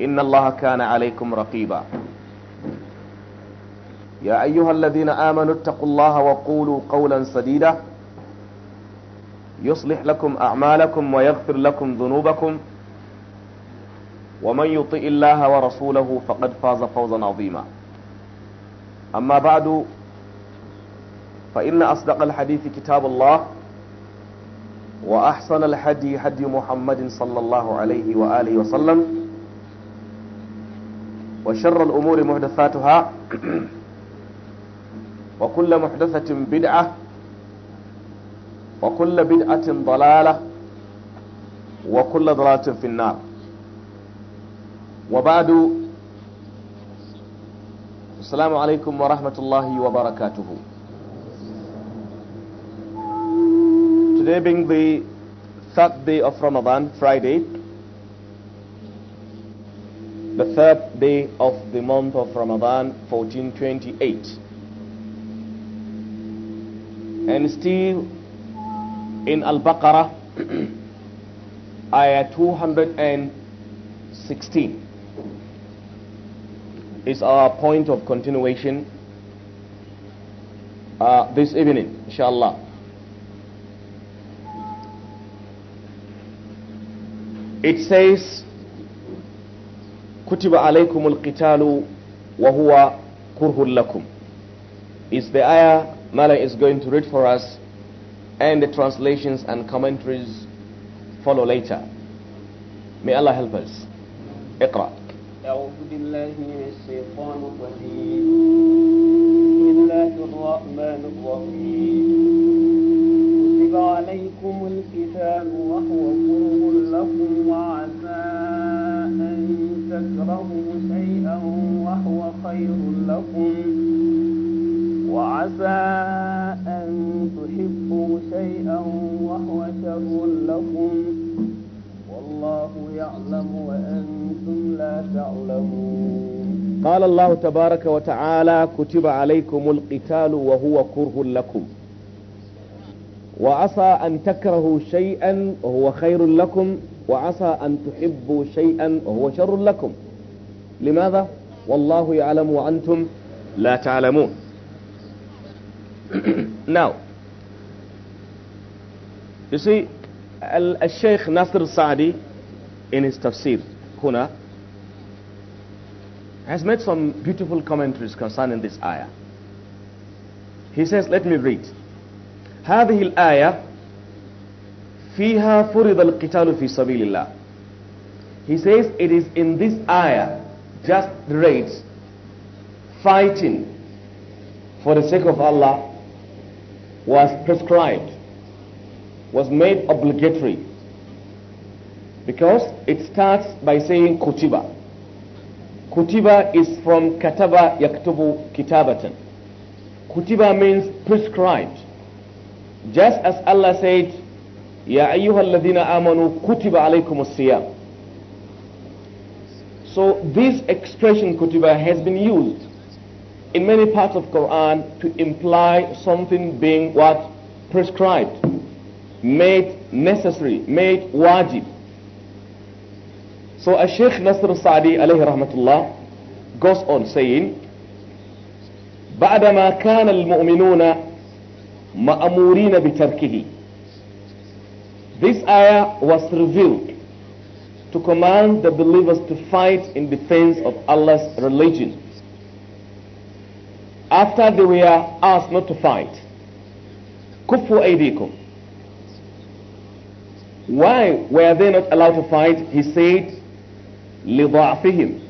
إن الله كان عليكم رقيبا يا أيها الذين آمنوا اتقوا الله وقولوا قولا سديدا يصلح لكم أعمالكم ويغفر لكم ذنوبكم ومن يطئ الله ورسوله فقد فاز فوزا عظيما أما بعد فإن أصدق الحديث كتاب الله وأحسن الحدي حدي محمد صلى الله عليه وآله وسلم وشر الأمور محدثاتها وكل محدثة بدعة وكل بدعة ضلالة وكل ضلالة في النار وبعد السلام عليكم ورحمة الله وبركاته Today being the third day of Ramadan, Friday, the third day of the month of Ramadan 1428. And still in Al Baqarah, ayah 216 is our point of continuation uh, this evening, inshallah. It says, كتب عليكم القتال وهو كره لكم is the ayah Malay is going to read for us and the translations and commentaries follow later may Allah help us اقرأ أعوذ بالله من الشيطان الرجيم بسم الله الرحمن الرحيم كتب عليكم القتال وهو كره لكم وعسى تكرهوا شيئا وهو خير لكم وعسى أن تحبوا شيئا وهو شر لكم والله يعلم وأنتم لا تعلمون قال الله تبارك وتعالى كتب عليكم القتال وهو كره لكم وعسى أن تكرهوا شيئا وهو خير لكم وعسى أن تحبوا شيئا وهو شر لكم لماذا والله يعلم وأنتم لا تعلمون now you see الشيخ ناصر السعدي in his tafsir هنا has made some beautiful commentaries concerning this ayah he says let me read هذه الآية فِيهَا فُرِضَ الْقِتَالُ فِي سَبِيلِ اللَّهِ He says it is in this ayah, just the rates, fighting for the sake of Allah was prescribed, was made obligatory. Because it starts by saying kutiba. Kutiba is from kataba yaktubu kitabatan. Kutiba means prescribed. Just as Allah said, يا أيها الذين آمنوا كتب عليكم الصيام So this expression kutiba has been used in many parts of Quran to imply something being what prescribed, made necessary, made wajib. So a Sheikh Nasr Sa'di alayhi rahmatullah goes on saying, بعدما كان المؤمنون مأمورين بتركه this ayah was revealed to command the believers to fight in defense of Allah's religion. After they were asked not to fight, Kufu aydikum. Why were they not allowed to fight? He said, لِضَعْفِهِمْ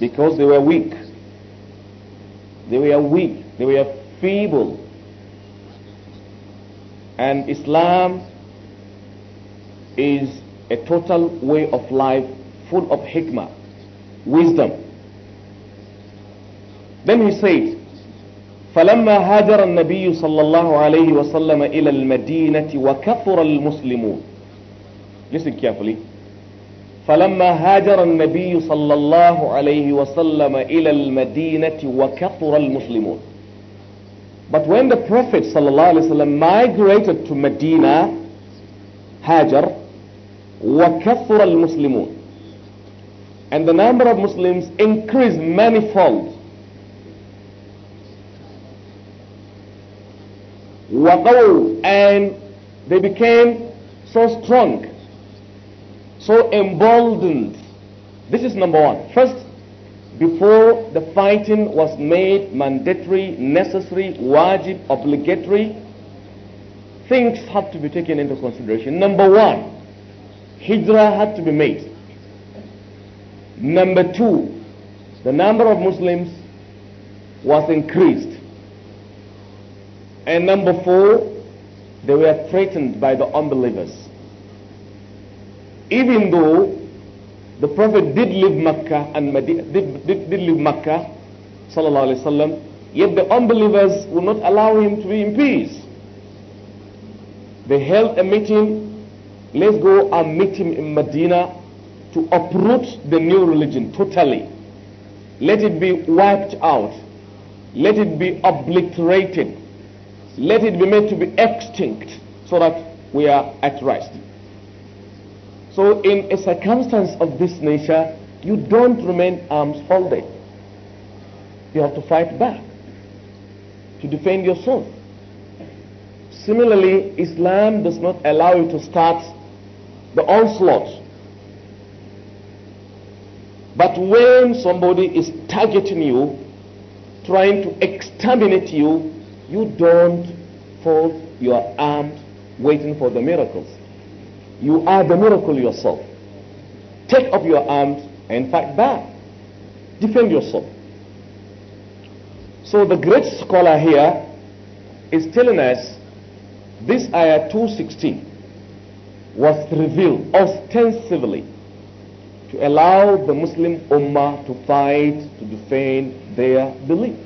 Because they were weak. They were weak. They were feeble. And Islam is a total way of life full of hikmah, wisdom. Then he said, فلما هاجر النبي صلى الله عليه وسلم إلى المدينة وكثر المسلمون Listen carefully. فلما هاجر النبي صلى الله عليه وسلم إلى المدينة وكثر المسلمون But when the Prophet صلى الله عليه وسلم migrated to Medina, Hajar, وَكَثُّرَ الْمُسْلِمُونَ And the number of Muslims increased manifold. وَقَوْا And they became so strong, so emboldened. This is number one. First, before the fighting was made mandatory, necessary, wajib, obligatory, things have to be taken into consideration. Number one, hijrah had to be made. Number two, the number of Muslims was increased. And number four, they were threatened by the unbelievers. Even though the Prophet did leave Mecca and Medina, did, did, did leave Mecca, sallallahu alaihi wasallam, yet the unbelievers would not allow him to be in peace. They held a meeting Let's go and meet him in Medina to uproot the new religion totally. Let it be wiped out. Let it be obliterated. Let it be made to be extinct so that we are at rest. So, in a circumstance of this nature, you don't remain arms folded. You have to fight back to defend yourself. Similarly, Islam does not allow you to start the onslaught. But when somebody is targeting you, trying to exterminate you, you don't fold your arms waiting for the miracles. You are the miracle yourself. Take up your arms and fight back. Defend yourself. So the great scholar here is telling us this ayah 216 was revealed ostensibly to allow the Muslim Ummah to fight to defend their belief.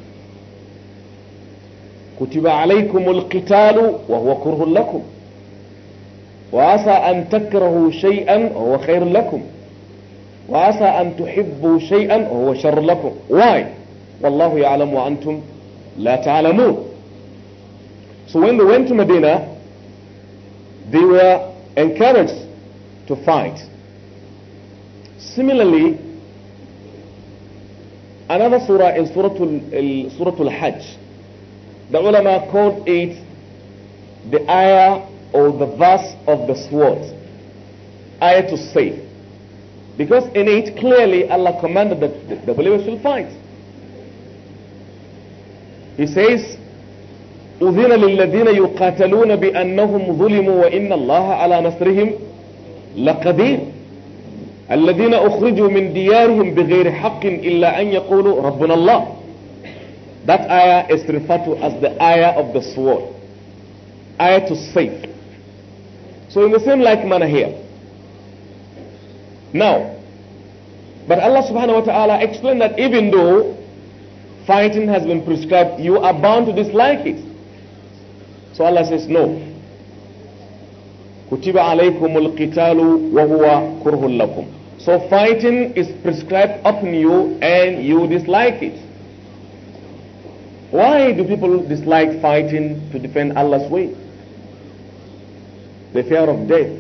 كتب عليكم القتال وهو كره لكم وعسى أن تكرهوا شيئا وهو خير لكم وعسى أن تحبوا شيئا وهو شر لكم why والله يعلم وأنتم لا تعلمون so when they went to Medina they were encouraged to fight. Similarly, another surah is Surah Al-Hajj. The ulama called it the ayah or the verse of the sword, ayah to save. Because in it clearly Allah commanded that the believers should fight. He says, أذن للذين يقاتلون بأنهم ظلموا وإن الله على نصرهم لقدير الذين أخرجوا من ديارهم بغير حق إلا أن يقولوا ربنا الله That ayah is referred to as the ayah of the sword. Ayah to save. So in the same like manner here. Now, but Allah subhanahu wa ta'ala explained that even though fighting has been prescribed, you are bound to dislike it. So Allah says, no. alaykum al القتال وهو كره لكم. So fighting is prescribed upon you and you dislike it. Why do people dislike fighting to defend Allah's way? The fear of death.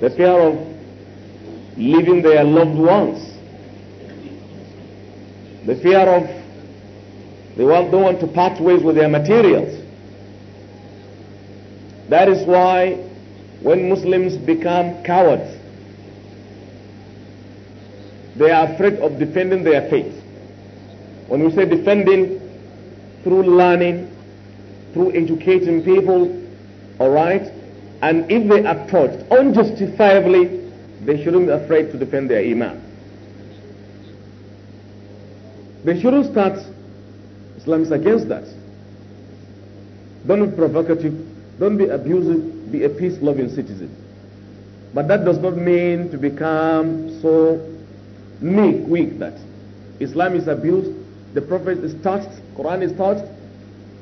The fear of leaving their loved ones. The fear of they don't want to part ways with their materials. That is why when Muslims become cowards, they are afraid of defending their faith. When we say defending, through learning, through educating people, alright? And if they are touched unjustifiably, they shouldn't be afraid to defend their Imam. They shouldn't start Islam is against that. Don't be provocative. Don't be abusive. Be a peace-loving citizen. But that does not mean to become so meek, weak that Islam is abused, the Prophet is touched, Quran is touched,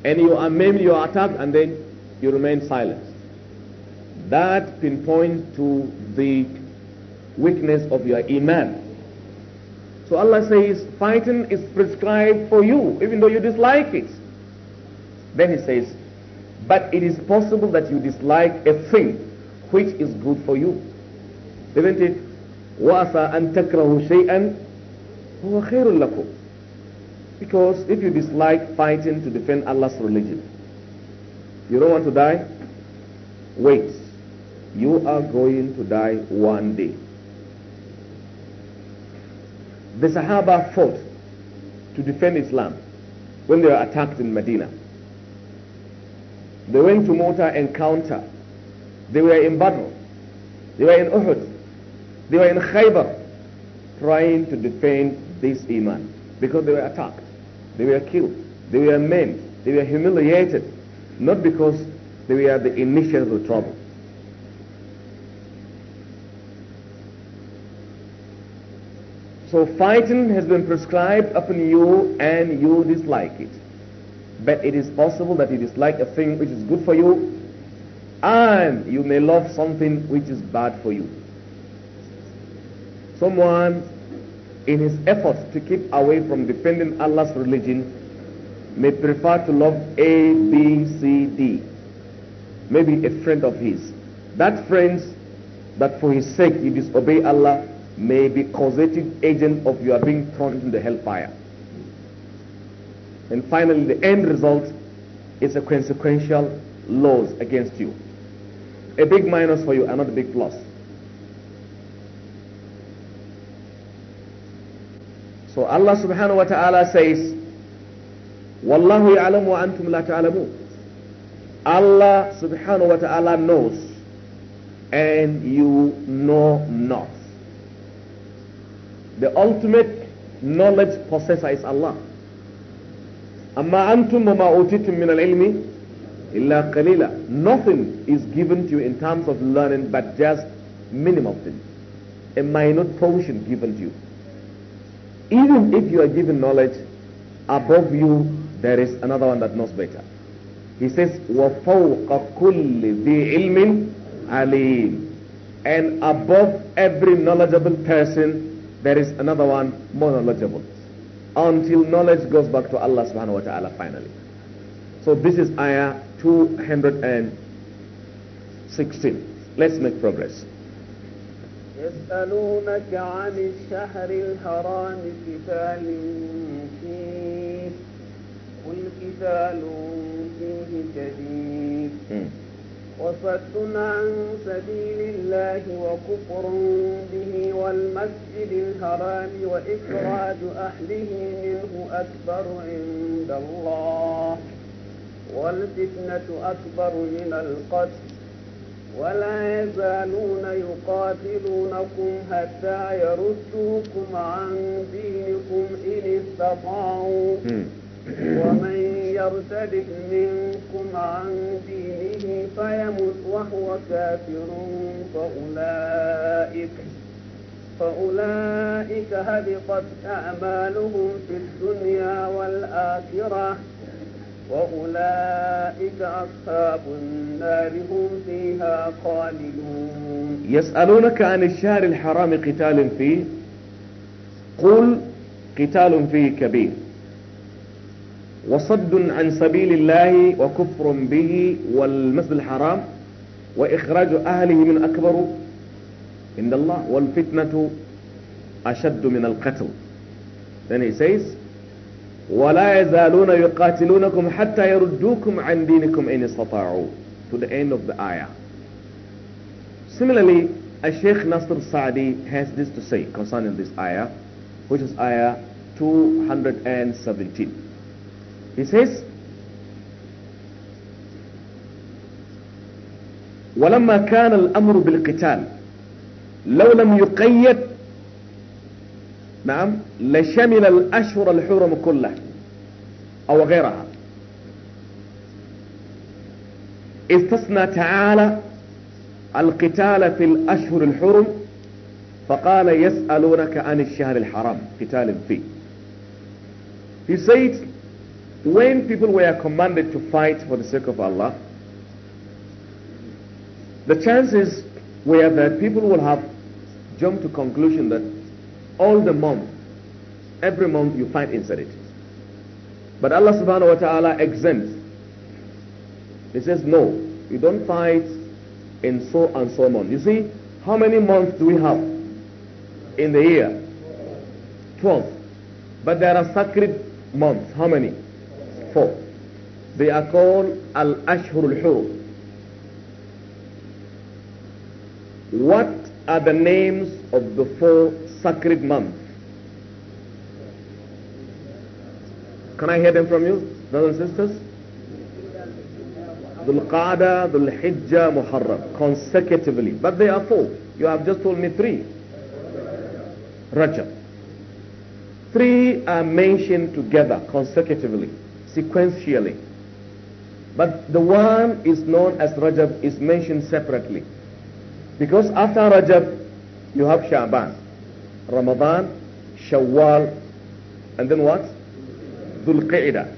and you are maimed, you are attacked, and then you remain silent. That pinpoints to the weakness of your iman. So Allah says, fighting is prescribed for you, even though you dislike it. Then He says, but it is possible that you dislike a thing which is good for you. Isn't it? وَأَسَىٰ أَن تَكْرَهُ شَيْئًا هُوَ خَيْرٌ لَكُمْ Because if you dislike fighting to defend Allah's religion, you don't want to die? Wait. You are going to die one day. The Sahaba fought to defend Islam when they were attacked in Medina. They went to mortar encounter. They were in battle. They were in Uhud. They were in Khaybar trying to defend this Iman because they were attacked. They were killed. They were maimed. They were humiliated. Not because they were the initiators of the trouble. So fighting has been prescribed upon you and you dislike it. But it is possible that you dislike a thing which is good for you and you may love something which is bad for you. Someone, in his effort to keep away from defending Allah's religion, may prefer to love A, B, C, D. Maybe a friend of his. That friend that for his sake you disobey Allah may be causative agent of your being thrown into the hellfire. And finally, the end result is a consequential loss against you. A big minus for you, another big plus. So Allah subhanahu wa ta'ala says, Wallahu ya'lamu wa antum la ta'lamun. Allah subhanahu wa ta'ala knows and you know not. The ultimate knowledge possessor is Allah. أما أنتم وما أوتيتم من العلم إلا قليلا. Nothing is given to you in terms of learning but just minimal things. A minor portion given to you. Even if you are given knowledge, above you there is another one that knows better. He says, وَفَوْقَ كُلِّ ذِي عِلْمٍ عَلِيمٍ And above every knowledgeable person there is another one more knowledgeable. Until knowledge goes back to Allah subhanahu wa ta'ala finally. So this is ayah 216. Let's make progress. يسألونك عن الشهر الحرام قتال فيه قل قتال فيه كبير hmm. وصد عن سبيل الله وكفر به والمسجد الحرام وإخراج أهله منه أكبر عند الله والفتنة أكبر من القتل ولا يزالون يقاتلونكم حتى يردوكم عن دينكم إن استطاعوا ومن يرتد منكم عن دينه فيمت وهو كافر فأولئك فأولئك هبطت أعمالهم في الدنيا والآخرة وأولئك أصحاب النار هم فيها خالدون يسألونك عن الشهر الحرام قتال فيه قل قتال فيه كبير وصد عن سبيل الله وكفر به والمسجد الحرام وإخراج أهله من أكبر عند الله والفتنة أشد من القتل then he says ولا يزالون يقاتلونكم حتى يردوكم عن دينكم إن استطاعوا to the end of the ayah similarly a Sheikh Nasr Saadi has this to say concerning this ayah which is ayah 217 He says, ولما كان الأمر بالقتال لو لم يقيد نعم لشمل الأشهر الحرم كلها أو غيرها استثنى تعالى القتال في الأشهر الحرم فقال يسألونك عن الشهر الحرام قتال فيه He said when people were commanded to fight for the sake of Allah, the chances were that people would have jumped to conclusion that all the month, every month you find it. But Allah subhanahu wa ta'ala exempts. He says, no, you don't fight in so and so month. You see, how many months do we have in the year? Twelve. But there are sacred months. How many? four. They are called Al-Ashhur al-Hurum. What are the names of the four sacred months? Can I hear them from you, brothers and sisters? Dhul Qada, Dhul Hijjah, Muharram, consecutively. But they are four. You have just told me three. Rajab. Three are mentioned together consecutively sequentially. But the one is known as Rajab is mentioned separately. Because after Rajab, you have Sha'ban, Ramadan, Shawwal, and then what? Dhul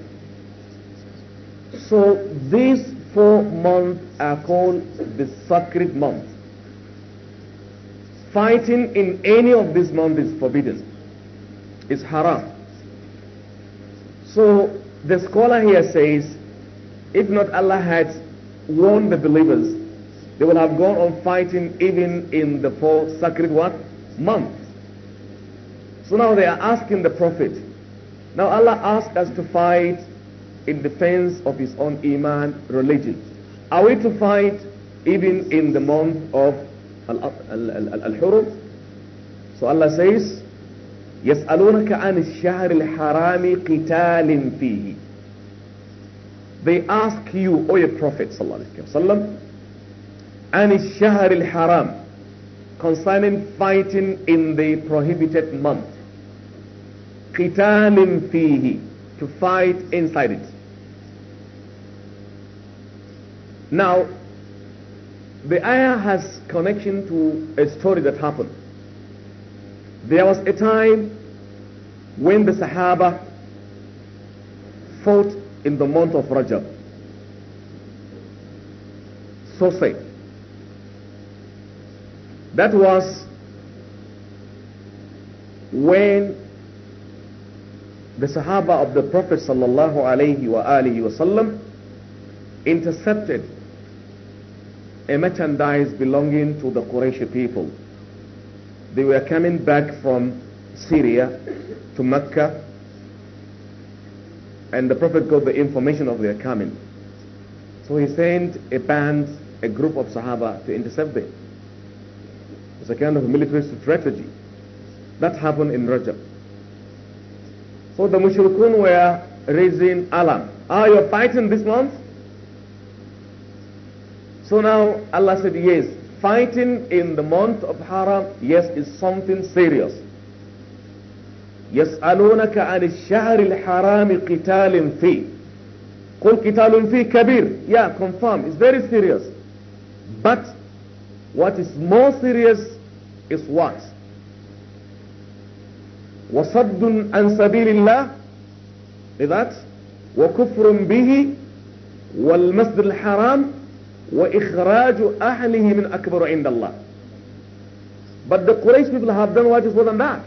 So these four months are called the sacred months. Fighting in any of these months is forbidden. It's haram. So the scholar here says, if not Allah had warned the believers, they would have gone on fighting even in the four sacred what? Months. So now they are asking the Prophet. Now Allah asked us to fight in defense of his own Iman religion. Are we to fight even in the month of Al-Hurum? So Allah says, يسألونك عن الشهر الحرام قتال فيه they ask you, O your Prophet وسلم, عن الشهر الحرام concerning fighting in the prohibited month. قتال فيه to fight inside it. Now, the ayah has connection to a story that happened. There was a time when the Sahaba fought in the month of Rajab. So say. That was when the Sahaba of the Prophet sallallahu alaihi wasallam intercepted a merchandise belonging to the Quraysh people. They were coming back from Syria to Mecca and the Prophet got the information of their coming. So he sent a band, a group of Sahaba to intercept them. It's a kind of military strategy. That happened in Rajab. So the mushrikun were raising alarm. Are you fighting this month? So now Allah said, yes, fighting in the month of Haram, yes, is something serious. يسألونك عن الشهر الحرام قتال فيه قل قتال فيه كبير yeah confirm it's very serious but what is more serious is what وصد عن سبيل الله لذات وكفر به والمسجد الحرام وإخراج أهله من أكبر عند الله but the Quraysh people have done what is more than that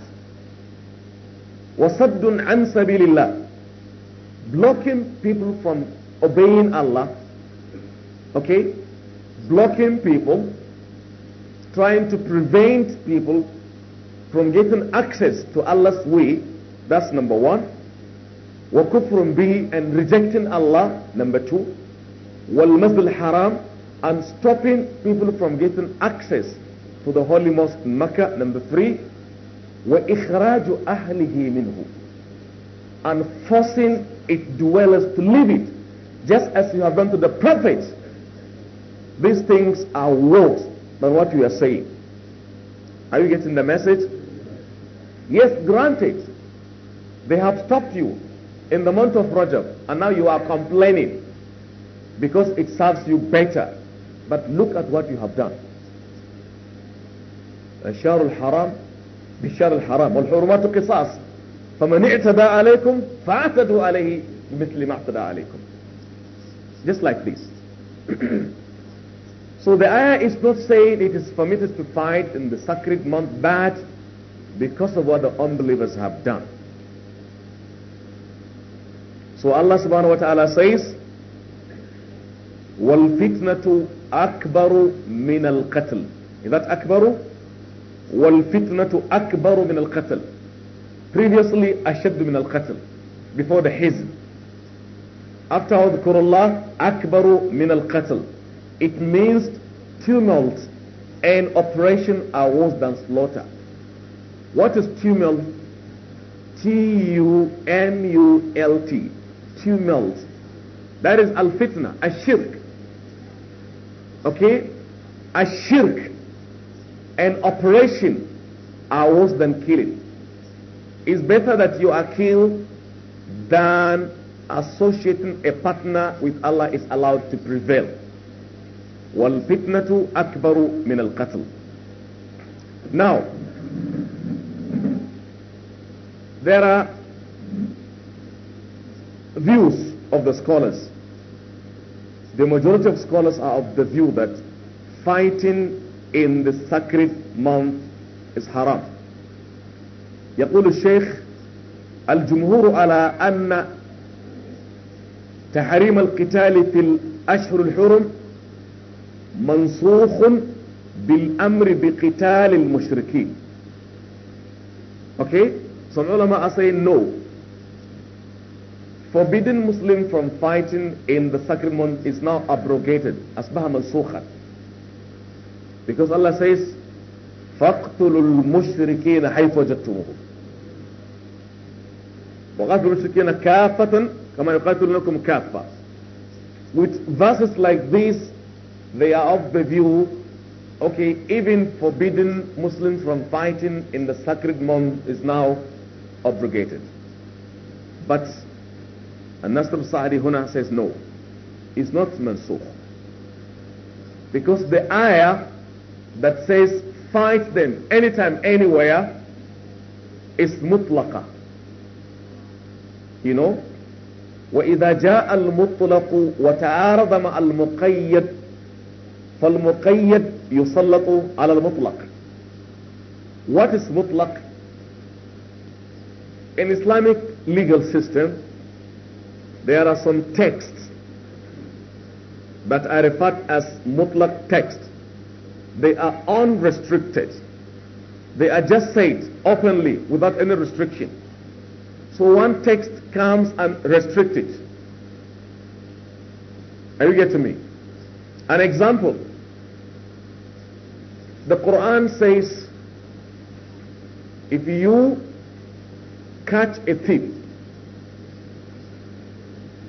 وَصَدٌّ عَن سَبِيلِ اللَّهِ Blocking people from obeying Allah. Okay? Blocking people, trying to prevent people from getting access to Allah's way. That's number one. وَكُفْرٌ بِهِ And rejecting Allah. Number two. وَالْمَسْجِدِ haram And stopping people from getting access to the holy mosque in Mecca. Number three. وَإِخْرَاجُ أَهْلِهِ مِنْهُ And forcing its dwellers to leave it, just as you have done to the prophets. These things are worse than what you are saying. Are you getting the message? Yes, granted, they have stopped you in the month of Rajab and now you are complaining because it serves you better. But look at what you have done. الشهر الحرام بالشر الحرام والحرمات القصاص فمن اعتدى عليكم فاعتدوا عليه بمثل ما اعتدى عليكم just like this so the ayah is not saying it is permitted to fight in the sacred month bad because of what the unbelievers have done so Allah subhanahu wa ta'ala says والفتنة أكبر من القتل إذا أكبر وَالْفِتْنَةُ أَكْبَرُ مِنَ الْقَتْلِ Previously, أَشَدُّ مِنَ الْقَتْلِ Before the hizb. After اذكر الله أكبر من القتل. It means tumult and operation are worse than slaughter. What is tumult? T-U-M-U-L-T. Tumult. That is al-fitna, a shirk. Okay? A shirk and operation are worse than killing. It's better that you are killed than associating a partner with Allah is allowed to prevail. وَالْفِتْنَةُ أَكْبَرُ مِنَ الْقَتْلِ Now, there are views of the scholars. The majority of scholars are of the view that fighting in the sacred month is haram يقول الشيخ الجمهور على أن تحريم القتال في الأشهر الحرم منصوخ بالأمر بقتال المشركين Okay? Some ulama are saying no. Forbidden Muslim from fighting in the sacred month is now abrogated. أصبح منسوخا Because Allah says, فَاقْتُلُوا الْمُشْرِكِينَ حَيْثُ وَجَدْتُمُهُمْ وَقَاتِلُوا الْمُشْرِكِينَ كَافَةً كَمَا يُقَاتِلُونَكُمْ كَافَةً With verses like this, they are of the view, okay, even forbidden Muslims from fighting in the sacred month is now abrogated. But Nasr Sa'adi Huna says no, it's not mansukh. Because the ayah that says fight them anytime, anywhere is mutlaqa. You know? وإذا جاء المطلق وتعارض مع المقيد فالمقيد يسلط على المطلق. What is mutlaq? In Islamic legal system, there are some texts that are referred as mutlaq texts. They are unrestricted. They are just said openly without any restriction. So one text comes and restricts it. Are you getting me? An example. The Quran says, if you catch a thief,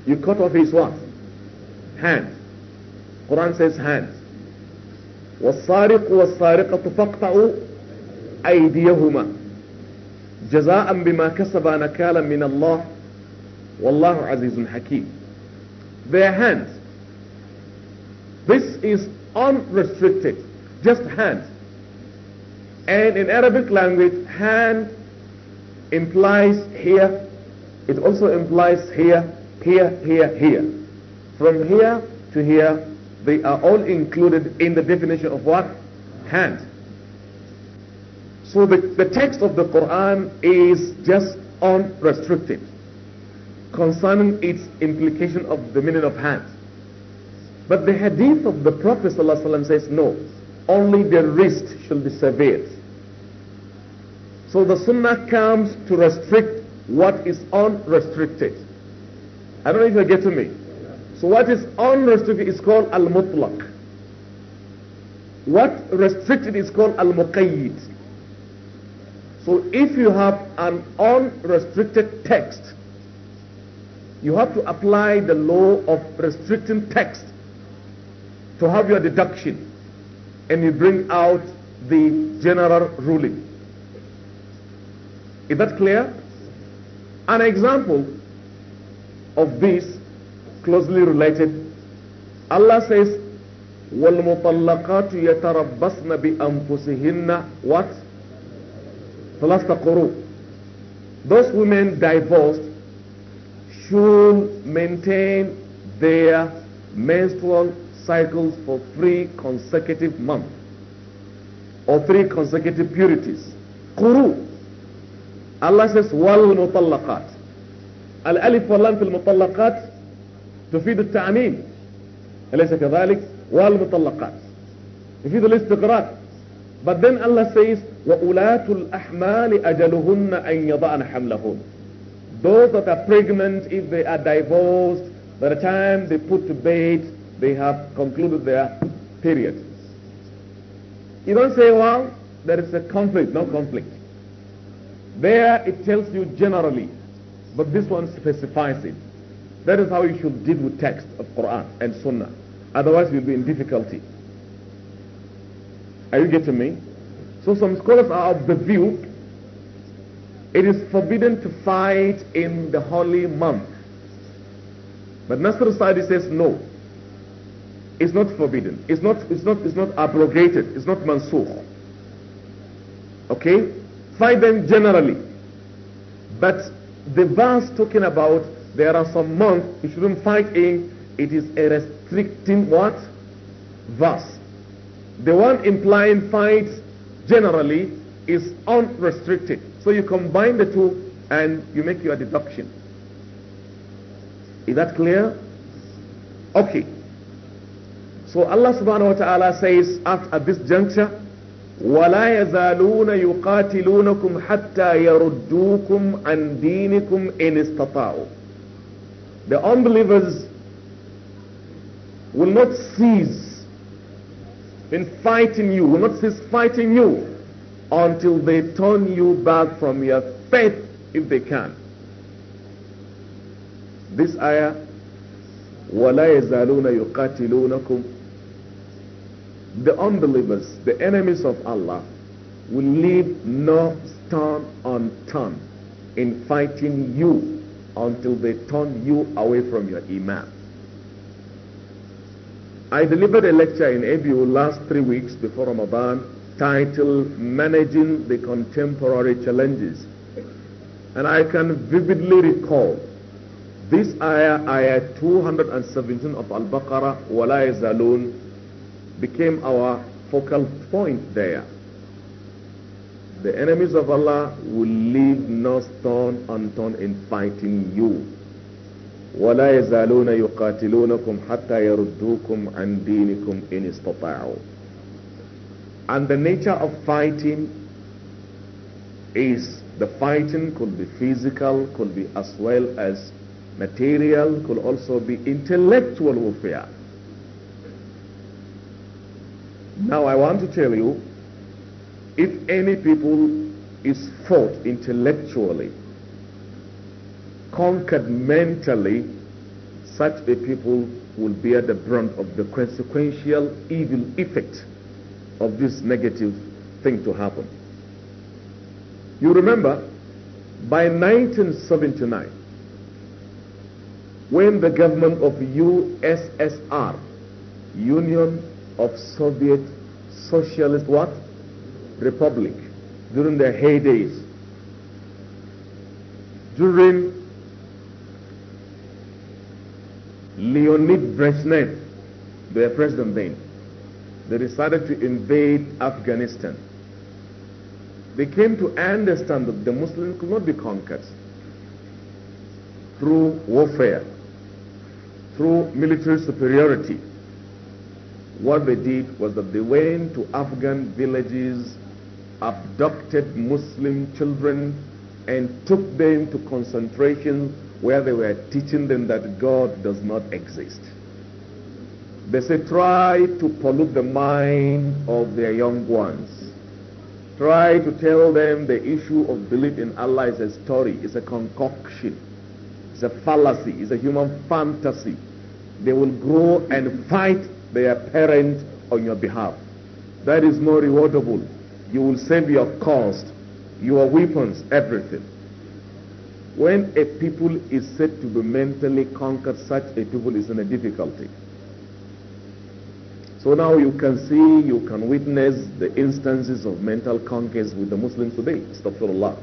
you cut off his what? Hand. Quran says hand. والسارق والسارقة فاقطعوا أيديهما جزاء بما كسبا نكالا من الله والله عزيز حكيم their hands this is unrestricted just hands and in Arabic language hand implies here it also implies here here here here from here to here they are all included in the definition of what? Hand. So the, the text of the Quran is just unrestricted concerning its implication of the meaning of hand. But the hadith of the Prophet ﷺ says no, only the wrist shall be severed. So the sunnah comes to restrict what is unrestricted. I don't know if you're getting me. So what is unrestricted is called al-mutlaq. What restricted is called al-muqayyid. So if you have an unrestricted text, you have to apply the law of restricting text to have your deduction and you bring out the general ruling. Is that clear? An example of this closely related. Allah says, وَالْمُطَلَّقَاتُ يَتَرَبَّصْنَ بِأَنفُسِهِنَّ What? ثَلَاثَ قُرُوء Those women divorced should maintain their menstrual cycles for three consecutive months or three consecutive purities. Quru. Allah says, wal mutallaqat. Al alif wal lam fil تفيد التعميم أليس كذلك والمطلقات تفيد الاستقرار But then Allah says الْأَحْمَالِ أَجَلُهُنَّ أَنْ يَضَعْنَ حَمْلَهُنَّ Those that are pregnant, if they are divorced, by the time they put to bed, they have concluded their period. You don't say, well, there is a conflict, no conflict. There it tells you generally, but this one specifies it. That is how you should deal with text of Quran and Sunnah. Otherwise you'll be in difficulty. Are you getting me? So some scholars are of the view it is forbidden to fight in the holy month. But Nasr Sadi says no. It's not forbidden. It's not, it's not, it's not abrogated. It's not mansukh. Okay? Fight them generally. But the verse talking about there are some months you shouldn't fight in. It is a restricting what? Verse. The one implying fight generally is unrestricted. So you combine the two and you make your deduction. Is that clear? Okay. So Allah subhanahu wa ta'ala says at this juncture, ولا يزالون يقاتلونكم حتى يردوكم عن دينكم إن استطاعوا the unbelievers will not cease in fighting you, will not cease fighting you until they turn you back from your faith if they can. This ayah, وَلَا يَزَالُونَ يُقَاتِلُونَكُمْ The unbelievers, the enemies of Allah, will leave no stone unturned in fighting you until they turn you away from your Imam. I delivered a lecture in ABU last three weeks before Ramadan titled Managing the Contemporary Challenges. And I can vividly recall this ayah, ayah 217 of Al-Baqarah, وَلَا يَزَالُونَ became our focal point there. The enemies of Allah will leave no stone unturned in fighting you. ولا يزالون يقاتلونكم حتى يردوكم عن دينكم إن استطاعوا. And the nature of fighting is the fighting could be physical, could be as well as material, could also be intellectual warfare. Now I want to tell you if any people is fought intellectually, conquered mentally, such a people will bear the brunt of the consequential evil effect of this negative thing to happen. You remember, by 1979, when the government of USSR, Union of Soviet Socialist what? republic during their heydays. During Leonid Brezhnev, their president then, they decided to invade Afghanistan. They came to understand that the Muslims could not be conquered through warfare, through military superiority. What they did was that they went to Afghan villages abducted Muslim children and took them to concentration where they were teaching them that God does not exist. They say, try to pollute the mind of their young ones. Try to tell them the issue of belief in Allah is a story, it's a concoction, it's a fallacy, it's a human fantasy. They will grow and fight their parents on your behalf. That is more rewardable. You will save your cost, your weapons, everything. When a people is said to be mentally conquered, such a people is in a difficulty. So now you can see, you can witness the instances of mental conquest with the Muslims today. Astaghfirullah.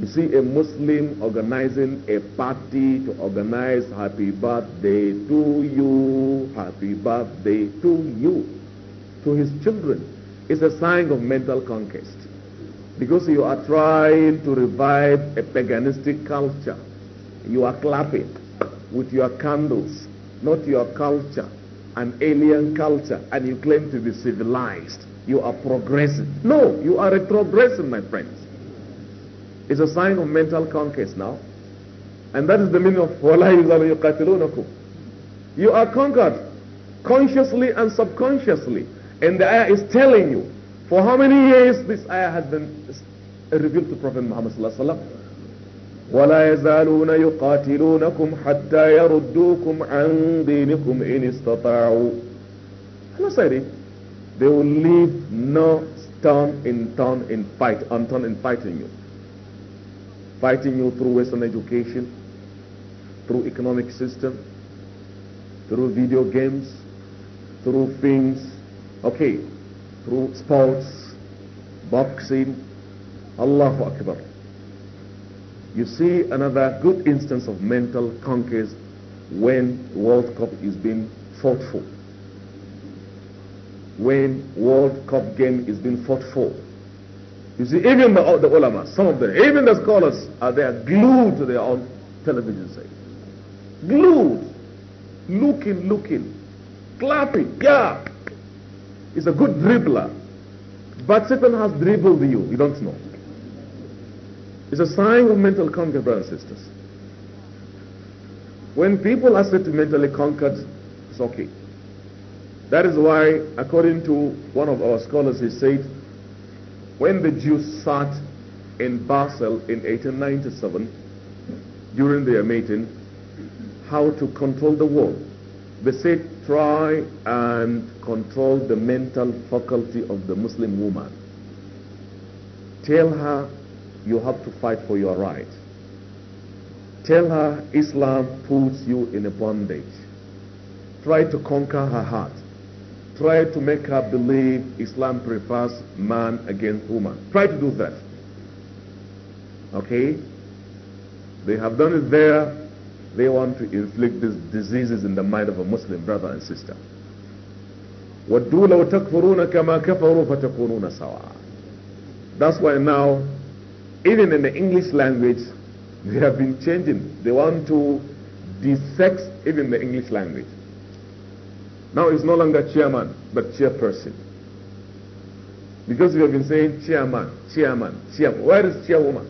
You see a Muslim organizing a party to organize happy birthday to you, happy birthday to you, to his children, it's a sign of mental conquest. Because you are trying to revive a paganistic culture. You are clapping with your candles, not your culture, an alien culture, and you claim to be civilized. You are progressing. No, you are retrogressing, my friends. It's a sign of mental conquest now. And that is the meaning of وَلَا يُقَاتِلُونَكُمْ You are conquered consciously and subconsciously. And the ayah is telling you for how many years this ayah has been revealed to Prophet Muhammad sallallahu alaihi wasallam. ولا يزالون يقاتلونكم حتى يردوكم عن دينكم إن استطاعوا Allah said they will leave no stone in town in fight unturned in fighting you fighting you through western education through economic system through video games through things Okay, through sports, boxing, Allahu Akbar. You see another good instance of mental conquest when World Cup is being fought for. When World Cup game is being fought for. You see, even the, the ulama, some of them, even the scholars, are there glued to their own television set. Glued. Looking, looking. Clapping. Yeah. He's a good dribbler. But Satan has dribbled you. You don't know. It's a sign of mental conquer, brothers and sisters. When people are said to mentally conquered, it's okay. That is why, according to one of our scholars, he said, when the Jews sat in Basel in 1897 during their meeting, how to control the world, they said Try and control the mental faculty of the Muslim woman. Tell her you have to fight for your right. Tell her Islam puts you in a bondage. Try to conquer her heart. Try to make her believe Islam prefers man against woman. Try to do that. Okay? They have done it there they want to inflict these diseases in the mind of a Muslim brother and sister. That's why now, even in the English language, they have been changing. They want to desex even the English language. Now it's no longer chairman, but chairperson. Because we have been saying chairman, chairman, chairman. Where is chairwoman?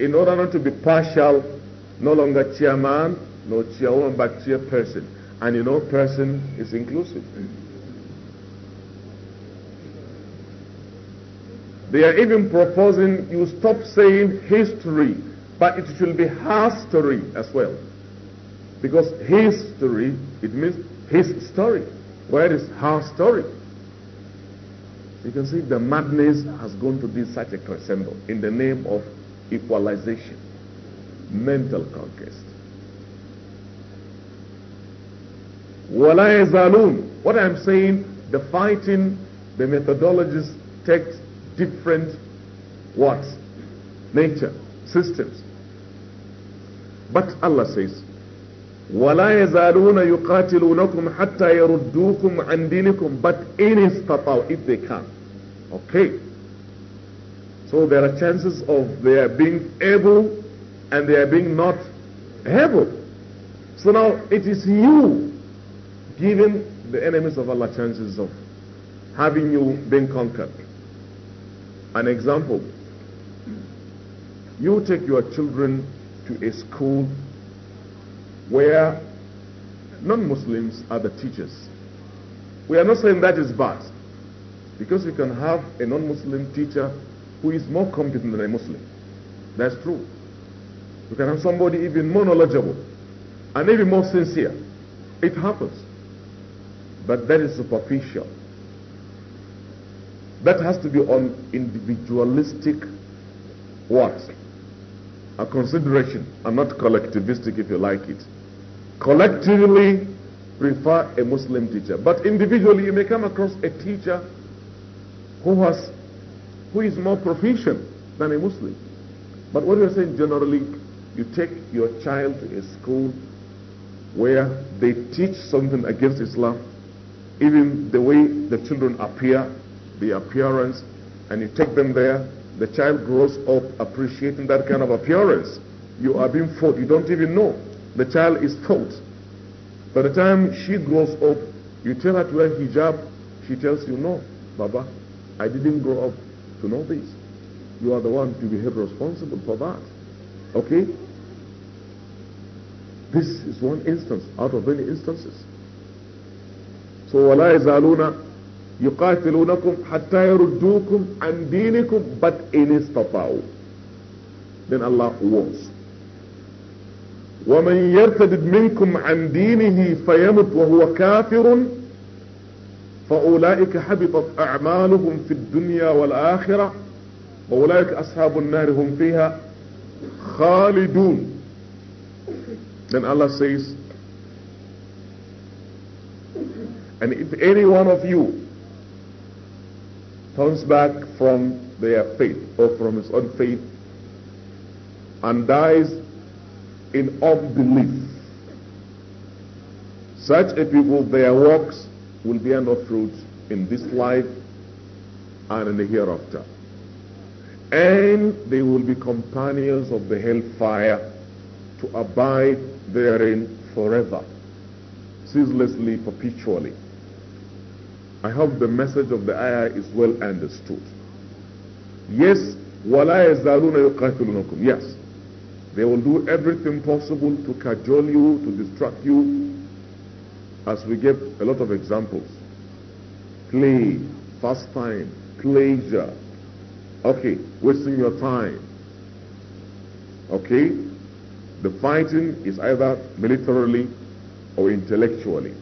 In order not to be partial, no longer chairman, no chairwoman, but chairperson. And you know, person is inclusive. They are even proposing you stop saying history, but it should be history as well. Because history, it means his story. Where is her story? You can see the madness has gone to be such a crescendo in the name of equalization mental conquest. وَلَا يَزَالُونَ What I'm saying, the fighting, the methodologies take different what? Nature, systems. But Allah says, ولا يزالون يقاتلونكم حتى يردوكم عن دينكم but in استطاعوا if they can okay so there are chances of their being able and they are being not heaven. So now it is you giving the enemies of Allah chances of having you being conquered. An example. You take your children to a school where non-Muslims are the teachers. We are not saying that is bad because you can have a non-Muslim teacher who is more competent than a Muslim. That's true. You can have somebody even more knowledgeable and even more sincere. It happens. But that is superficial. That has to be on individualistic what? A consideration and not collectivistic if you like it. Collectively prefer a Muslim teacher. But individually you may come across a teacher who has who is more proficient than a Muslim. But what we are saying generally you take your child to a school where they teach something against Islam, even the way the children appear, the appearance, and you take them there, the child grows up appreciating that kind of appearance. You are being taught, you don't even know. The child is taught. By the time she grows up, you tell her to wear hijab, she tells you, no, Baba, I didn't grow up to know this. You are the one to be held responsible for that. Okay? This is one instance out of many instances. So ولا يزالون يقاتلونكم حتى يردوكم عن دينكم but إن استطاعوا. Then Allah warns. ومن يرتد منكم عن دينه فيمت وهو كافر فأولئك حبطت أعمالهم في الدنيا والآخرة وأولئك أصحاب النار هم فيها khalidun. Then Allah says, and if any one of you turns back from their faith or from his own faith and dies in unbelief, such a people, their works will be no fruit in this life and in the hereafter and they will be companions of the hellfire to abide therein forever, ceaselessly, perpetually. I hope the message of the ayah is well understood. Yes, وَلَا يَزَالُونَ Yes, they will do everything possible to cajole you, to distract you, as we gave a lot of examples. Play, time, pleasure, Okay, wasting your time. Okay? The fighting is either militarily or intellectually.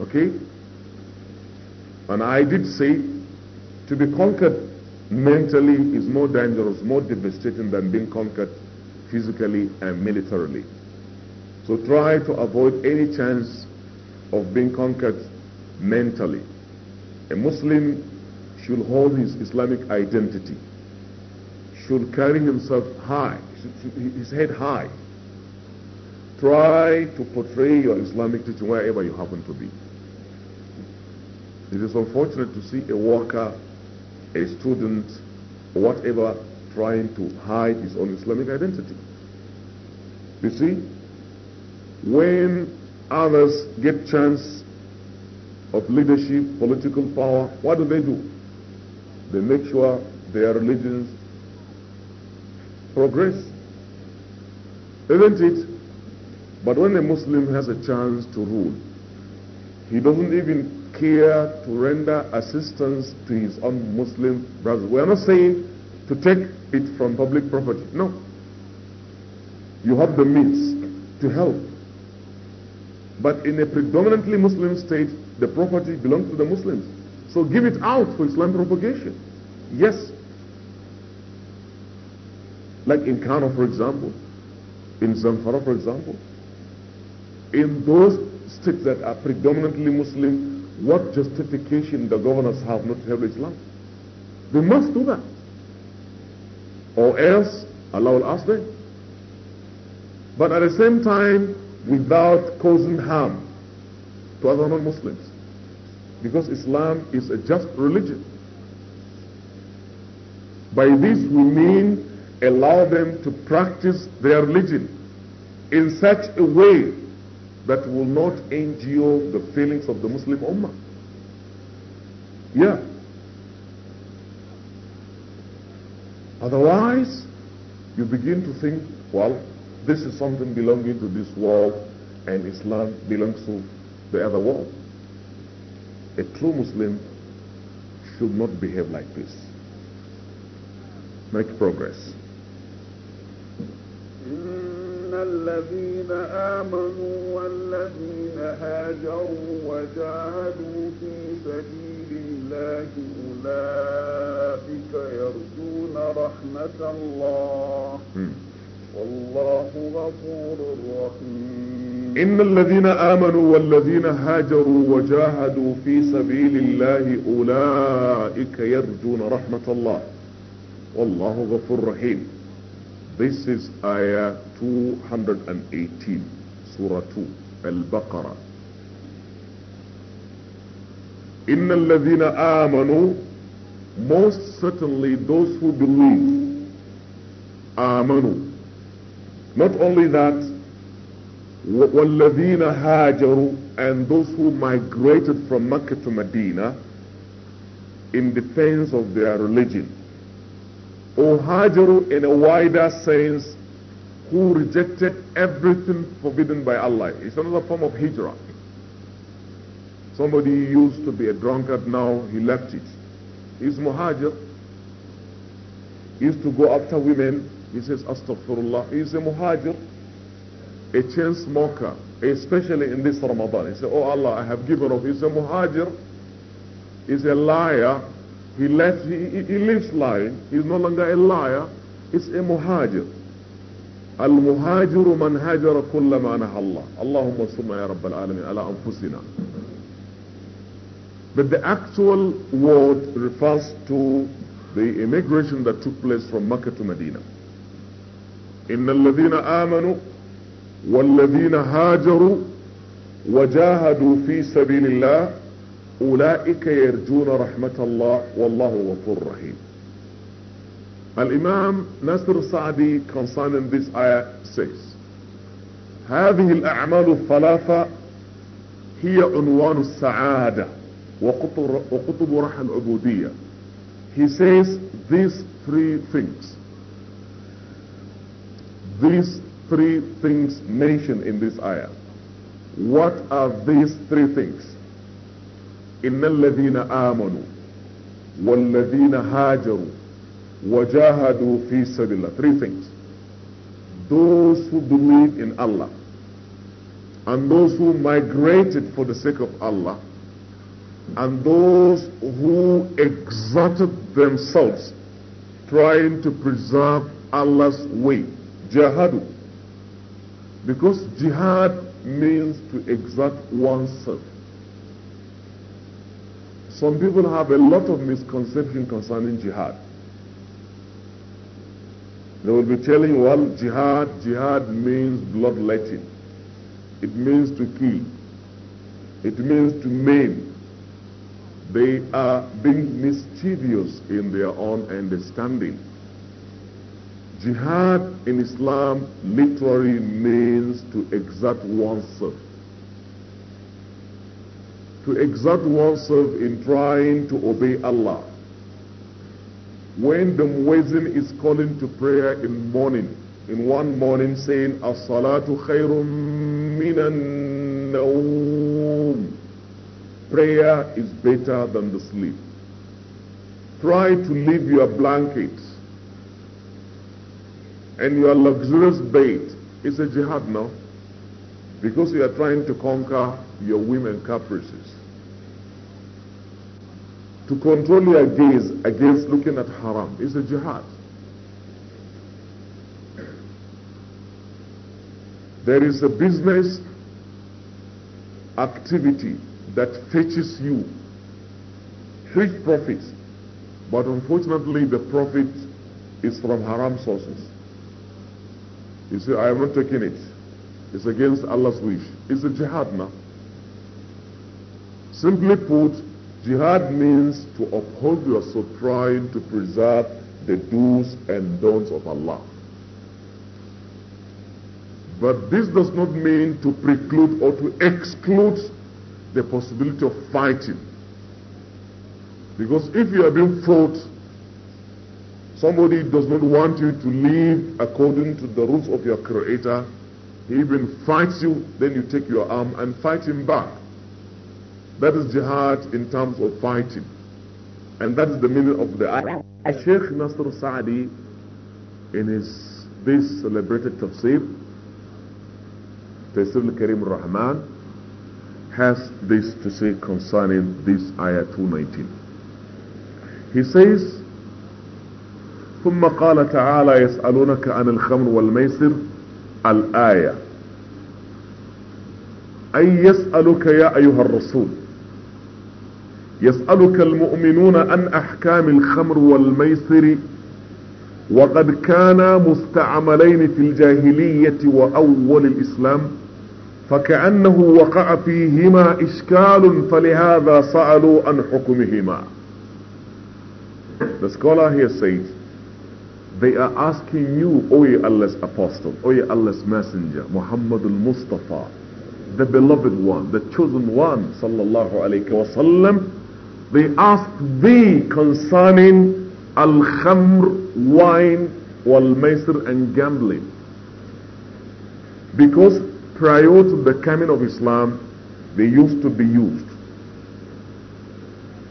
Okay? And I did say to be conquered mentally is more dangerous, more devastating than being conquered physically and militarily. So try to avoid any chance of being conquered mentally. A Muslim should hold his Islamic identity, should carry himself high, his head high. Try to portray your Islamic teaching wherever you happen to be. It is unfortunate to see a worker, a student, whatever, trying to hide his own Islamic identity. You see, when others get chance of leadership, political power, what do they do? They make sure their religions progress. Isn't it? But when a Muslim has a chance to rule, he doesn't even care to render assistance to his own Muslim brothers. We are not saying to take it from public property. No. You have the means to help. But in a predominantly Muslim state, the property belongs to the Muslims. So give it out for Islam propagation. Yes. Like in Kano, for example, in Zamfara, for example, in those states that are predominantly Muslim, what justification the governors have not to have Islam? They must do that. Or else, Allah will ask them. But at the same time, without causing harm to other non-Muslims because Islam is a just religion. By this we mean allow them to practice their religion in such a way that will not endure the feelings of the Muslim Ummah. Yeah. Otherwise, you begin to think, well, this is something belonging to this world and Islam belongs to the other world a true Muslim should not behave like this. Make progress. إن الذين آمنوا والذين هاجروا وجاهدوا في سبيل الله أولئك يرجون رحمة الله والله غفور رحيم إن الذين آمنوا والذين هاجروا وجاهدوا في سبيل الله أولئك يرجون رحمة الله والله غفور رحيم This is ayah 218 سورة 2 البقرة إن الذين آمنوا most certainly those who believe آمنوا not only that وَالَّذِينَ هَاجَرُوا And those who migrated from Mecca to Medina in defense of their religion. Or hajaru in a wider sense who rejected everything forbidden by Allah. It's another form of hijrah. Somebody used to be a drunkard, now he left it. He's muhajir. He used to go after women. He says, Astaghfirullah. He's a muhajir a chain smoker, especially in this Ramadan. He said, Oh Allah, I have given up. He's a muhajir. He's a liar. He, he, he lives lying. He's no longer a liar. He's a muhajir. المهاجر من هاجر كل ما نهى الله اللهم صل يا رب العالمين على أنفسنا But the actual word refers to the immigration that took place from Mecca to Medina. إن الذين آمنوا والذين هاجروا وجاهدوا في سبيل الله أولئك يرجون رحمة الله والله غفور رحيم الإمام نصر سعدي concerning this ayah says هذه الأعمال الثلاثة هي عنوان السعادة وقطب رحى العبودية he says these three things these three things mentioned in this ayah. What are these three things? إن الذين آمنوا والذين هاجروا وجاهدوا في سبيل الله. Three things. Those who believe in Allah and those who migrated for the sake of Allah and those who exerted themselves trying to preserve Allah's way. جاهدوا. Because jihad means to exert oneself. Some people have a lot of misconception concerning jihad. They will be telling you, well, jihad, jihad means bloodletting. It means to kill. It means to maim. They are being mischievous in their own understanding. Jihad in Islam literally means to exert oneself. To exert oneself in trying to obey Allah. When the muezzin is calling to prayer in morning, in one morning saying, As-salatu khayrun minan Prayer is better than the sleep. Try to leave your blanket and your luxurious bait is a jihad now because you are trying to conquer your women caprices. To control your gaze against looking at haram is a jihad. There is a business activity that fetches you huge profits, but unfortunately the profit is from haram sources. He said, I am not taking it. It's against Allah's wish. It's a jihad now. Simply put, jihad means to uphold yourself trying to preserve the do's and don'ts of Allah. But this does not mean to preclude or to exclude the possibility of fighting. Because if you are being fought Somebody does not want you to live according to the rules of your creator. He even fights you, then you take your arm and fight him back. That is jihad in terms of fighting. And that is the meaning of the ayah. Sheikh Nasr Sa'di, in his this celebrated tafsir, Tafsir al-Karim rahman has this to say concerning this ayah 219. He says, ثم قال تعالى يسألونك عن الخمر والميسر الآية أي يسألك يا أيها الرسول يسألك المؤمنون عن أحكام الخمر والميسر وقد كانا مستعملين في الجاهلية وأول الإسلام فكأنه وقع فيهما إشكال فلهذا سألوا عن حكمهما The scholar here says They are asking you, O ye Allah's apostle, O ye Allah's messenger, Muhammad al-Mustafa, the beloved one, the chosen one, sallallahu alayhi wasallam, they ask thee concerning al-khamr, wine, wal-maisir and gambling. Because prior to the coming of Islam, they used to be used.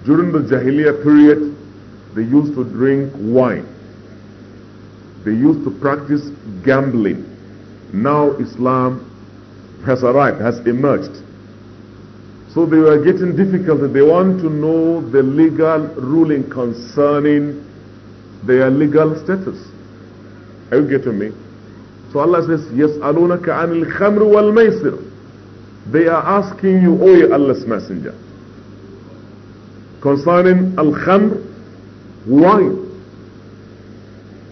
During the Jahiliyyah period, they used to drink wine. They used to practice gambling. Now Islam has arrived, has emerged. So they were getting difficult. They want to know the legal ruling concerning their legal status. Are you getting me? So Allah says, "Yes, يَسْأَلُونَكَ عَنِ wal-maysir." They are asking you, O Allah's Messenger, concerning al-khamr, wine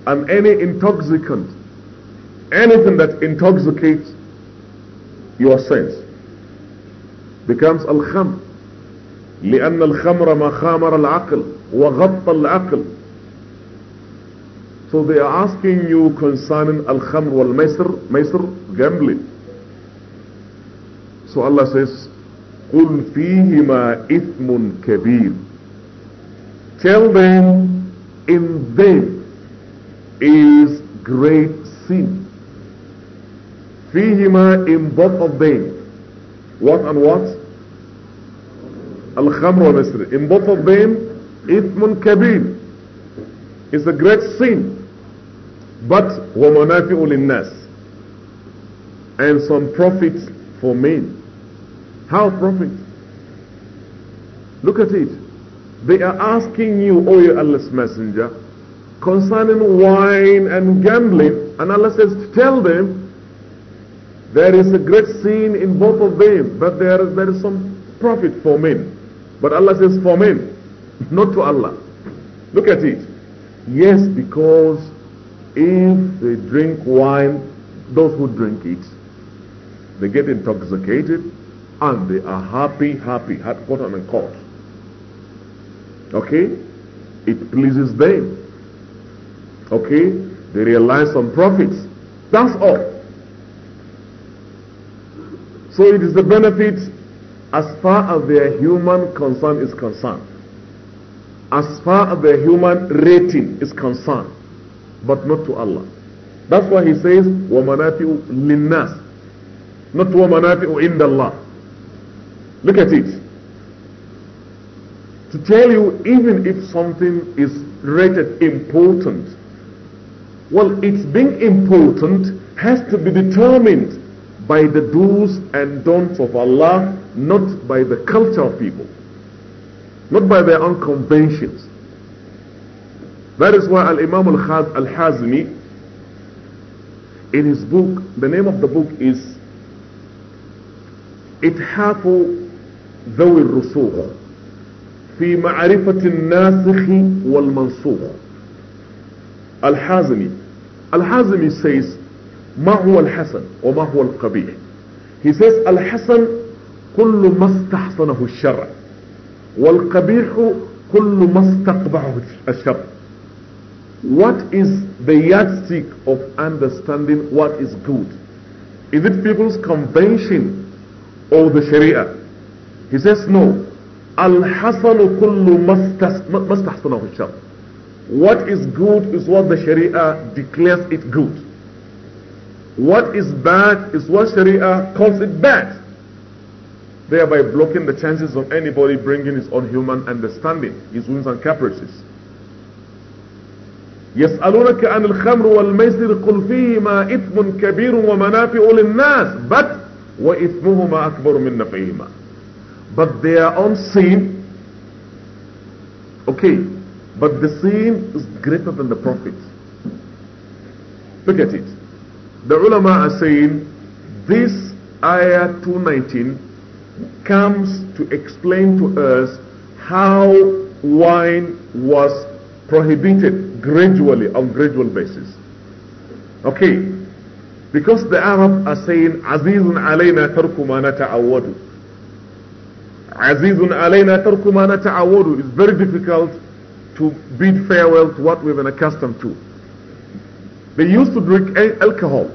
and any intoxicant, anything that intoxicates your sense becomes al-khamr لأن الخمر ما خامر العقل وغطى العقل So they are asking you concerning al-khamr wal-maisr, maisr, gambling. So Allah says, قُلْ فِيهِمَا إِثْمٌ كَبِيرٌ Tell them in them is great sin. فيهما in both of them. What and what? Al-Khamr wa In both of them, Ithmun Kabir. It's a great sin. But وَمَنَافِعُ لِلنَّاسِ And some profit for men. How profit? Look at it. They are asking you, O oh, your Allah's Messenger, concerning wine and gambling. And Allah says, tell them there is a great sin in both of them, but there, there is some profit for men. But Allah says for men, not to Allah. Look at it. Yes, because if they drink wine, those who drink it, they get intoxicated and they are happy, happy, hot, quote unquote. Okay? It pleases them. Okay? They realize some profits. That's all. So it is the benefit as far as their human concern is concerned. As far as their human rating is concerned. But not to Allah. That's why he says, وَمَنَافِعُ لِلنَّاسِ Not وَمَنَافِعُ عِنْدَ اللَّهِ Look at it. To tell you, even if something is rated important well, its being important has to be determined by the do's and don'ts of Allah, not by the culture of people, not by their own conventions. That is why Al Imam Al Hazmi, in his book, the name of the book is إتحاف ذوي الرسوخ في nasikh wal Mansuh. al الحازمي al says, ما هو الحسن وما هو القبيح He says الحسن كل ما استحسنه الشرع والقبيح كل ما استقبحه الشرع What is the yardstick of understanding what is good? Is it people's convention or the Sharia? He says no. الحسن كل ما استحسنه الشرع What is good is what the Sharia declares it good. What is bad is what Sharia calls it bad, thereby blocking the chances of anybody bringing his own human understanding, his whims and caprices. يسألونك عن الخمر والميسر قل فيهما إثم كبير ومنافع للناس but وإثمهما أكبر من نفعهما but their own sin okay but the sin is greater than the Prophet. Look at it. The ulama are saying this ayah 219 comes to explain to us how wine was prohibited gradually on gradual basis. Okay. Because the Arab are saying عزيز علينا ترك ما Azizun عزيز علينا ترك ما نتعود very difficult to bid farewell to what we've been accustomed to. They used to drink alcohol.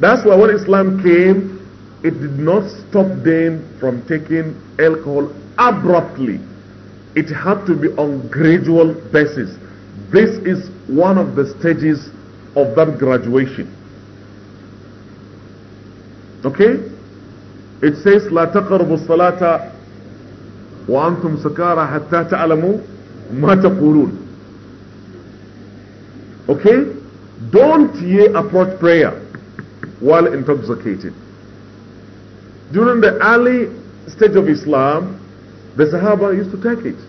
That's why when Islam came, it did not stop them from taking alcohol abruptly. It had to be on gradual basis. This is one of the stages of that graduation. Okay? It says لا تقربوا الصلاة وأنتم سكارى حتى تعلموا ما تقولون okay don't ye approach prayer while intoxicated during the early stage of Islam the Sahaba used to take it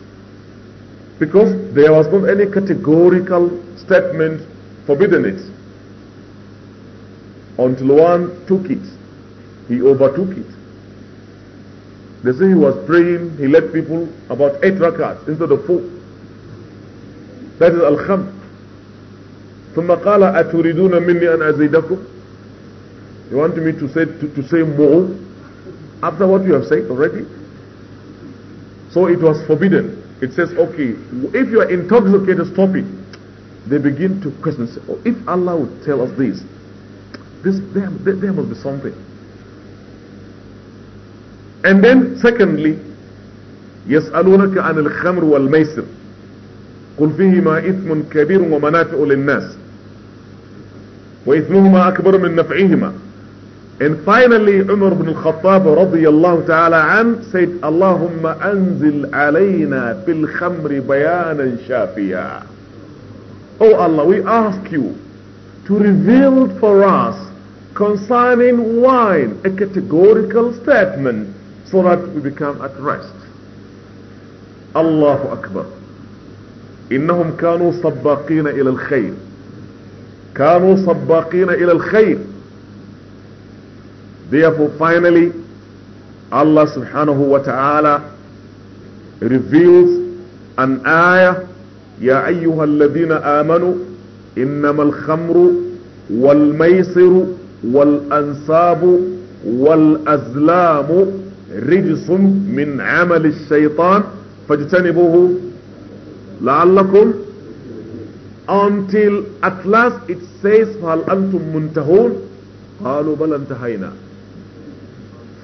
because there was not any categorical statement forbidding it until one took it he overtook it they say he was praying he led people about eight rakats instead of four that is al-khamr. ثم قال أتريدون مني أن أزيدكم You want me to say, to, to say more after what you have said already? So it was forbidden. It says, okay, if you are intoxicated, stop it. They begin to question, say, oh, if Allah would tell us this, this there, there must be something. And then secondly, يسألونك عن الخمر والميسر قل فيهما إثم كبير ومنافع للناس وإثمهما أكبر من نفعهما And finally Umar ibn al-Khattab رضي الله تعالى عنه said اللهم أنزل علينا في الخمر بيانا شافيا Oh Allah we ask you to reveal for us concerning wine a categorical statement so that we become at rest Allahu Akbar إنهم كانوا سباقين إلى الخير كانوا سباقين إلى الخير Therefore, finally, Allah سبحانه وتعالى reveals an ayah يا أيها الذين آمنوا إنما الخمر والميسر والأنصاب والأزلام رجس من عمل الشيطان فاجتنبوه لعلكم until at last it says فهل أنتم منتهون قالوا بل انتهينا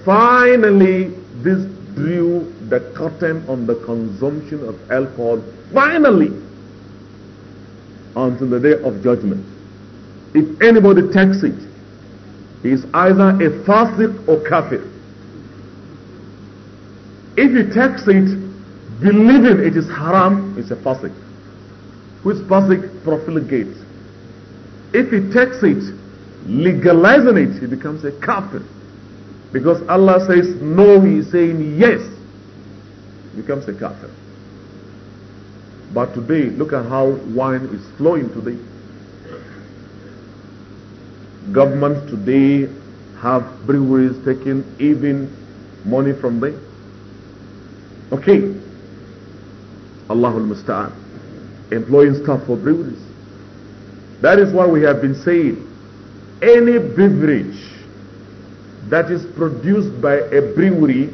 finally this drew the curtain on the consumption of alcohol finally until the day of judgment if anybody takes it he is either a fasik or kafir if he takes it believing it is haram is a fasik. Which fasik Profligate. If he takes it, legalizing it, he becomes a kafir. Because Allah says no, he is saying yes. He becomes a kafir. But today, look at how wine is flowing today. Governments today have breweries taking even money from them. Okay, Allahul Musta'an. Employing staff for breweries. That is why we have been saying any beverage that is produced by a brewery,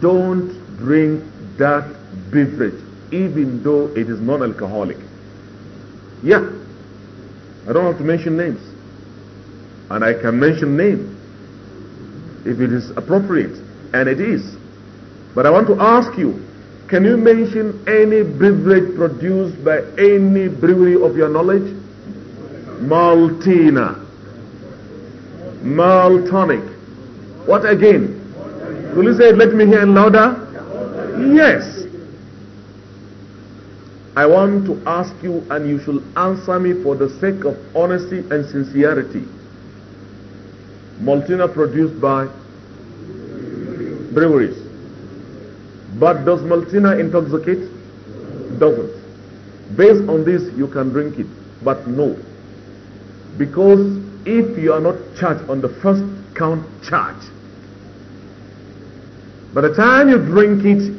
don't drink that beverage, even though it is non alcoholic. Yeah, I don't have to mention names. And I can mention names if it is appropriate, and it is. But I want to ask you can you mention any beverage produced by any brewery of your knowledge? Maltina. Maltonic. What again? Will you say it? Let me hear louder. Yes. I want to ask you, and you should answer me for the sake of honesty and sincerity. Maltina produced by breweries. But does Maltina intoxicate? Doesn't. Based on this, you can drink it. But no. Because if you are not charged on the first count charge, by the time you drink it,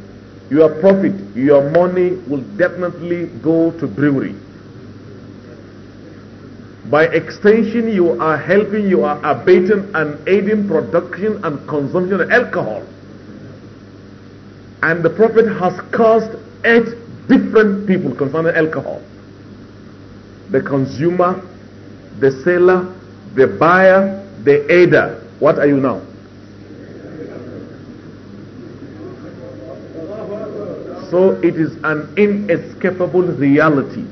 your profit, your money will definitely go to brewery. By extension, you are helping, you are abating and aiding production and consumption of alcohol and the Prophet has cursed eight different people concerning alcohol. The consumer, the seller, the buyer, the aider. What are you now? So it is an inescapable reality.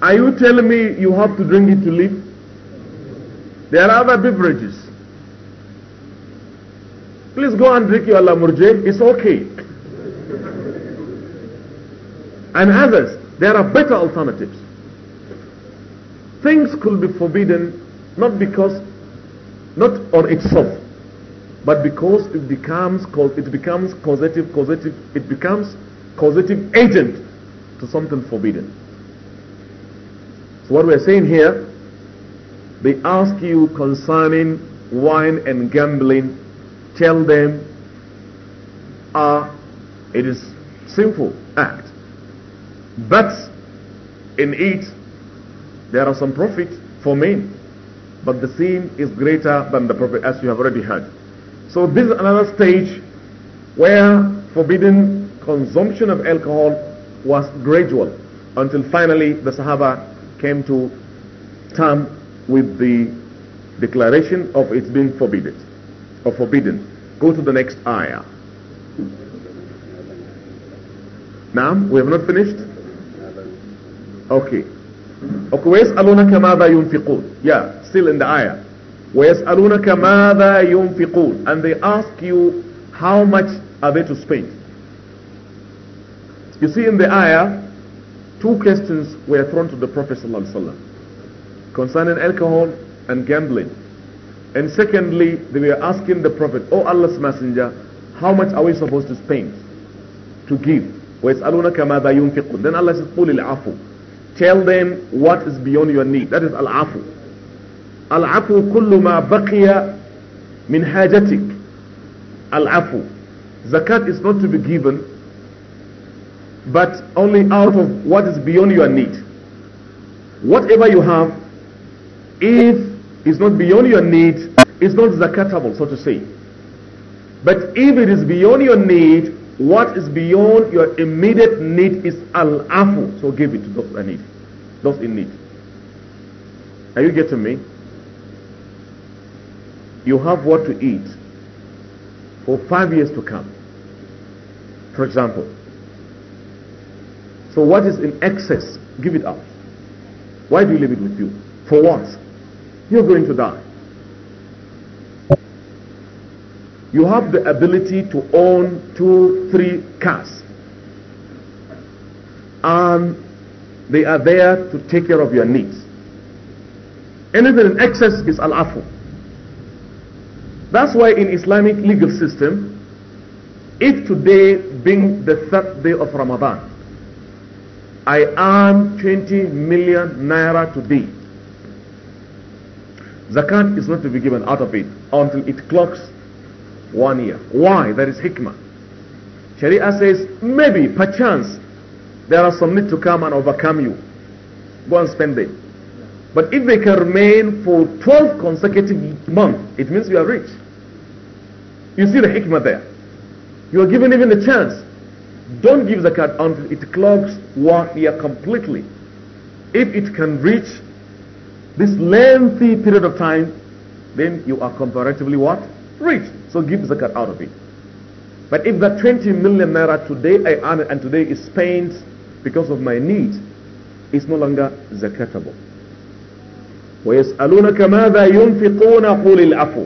Are you telling me you have to drink it to live? There are other beverages Please go and drink your Allah Murjib. It's okay. and others, there are better alternatives. Things could be forbidden not because, not on itself, but because it becomes, it becomes causative, causative, it becomes causative agent to something forbidden. So what we're saying here, they ask you concerning wine and gambling tell them, ah, uh, it is sinful act. But in it, there are some profit for men. But the sin is greater than the profit, as you have already heard. So this is another stage where forbidden consumption of alcohol was gradual until finally the Sahaba came to term with the declaration of its being forbidden or forbidden. Go to the next ayah. Now, we have not finished? Okay. Okay, وَيَسْأَلُونَكَ مَاذَا يُنْفِقُونَ Yeah, still in the ayah. وَيَسْأَلُونَكَ مَاذَا يُنْفِقُونَ And they ask you, how much are they to spend? You see in the ayah, two questions were thrown to the Prophet ﷺ concerning alcohol and gambling. And secondly, they were asking the Prophet, O oh Allah's Messenger, how much are we supposed to spend to give? Then Allah says, Tell them what is beyond your need. That is al-afu. Al-afu kullu ma baqiya min hajatik. Al-afu. Zakat is not to be given, but only out of what is beyond your need. Whatever you have, if is not beyond your need. it's not zakatable, so to say. But if it is beyond your need, what is beyond your immediate need is al-afu. So give it to those in need. Those in need. Are you getting me? You have what to eat for five years to come. For example. So what is in excess? Give it up. Why do you leave it with you? For what? you're going to die. You have the ability to own two, three cars. And they are there to take care of your needs. Anything in excess is al-afu. That's why in Islamic legal system, if today being the third day of Ramadan, I earn 20 million naira today, Zakat is not to be given out of it until it clocks one year. Why? There is hikmah. Sharia says, maybe, perchance, there are some need to come and overcome you. Go and spend it. But if they can remain for 12 consecutive months, it means you are rich. You see the hikmah there. You are given even a chance. Don't give zakat until it clocks one year completely. If it can reach this lengthy period of time, then you are comparatively what? Rich. So give zakat out of it. But if that 20 million naira today I earn and today is spent because of my need, it's no longer zakatable. ويسألونك ماذا ينفقون قل العفو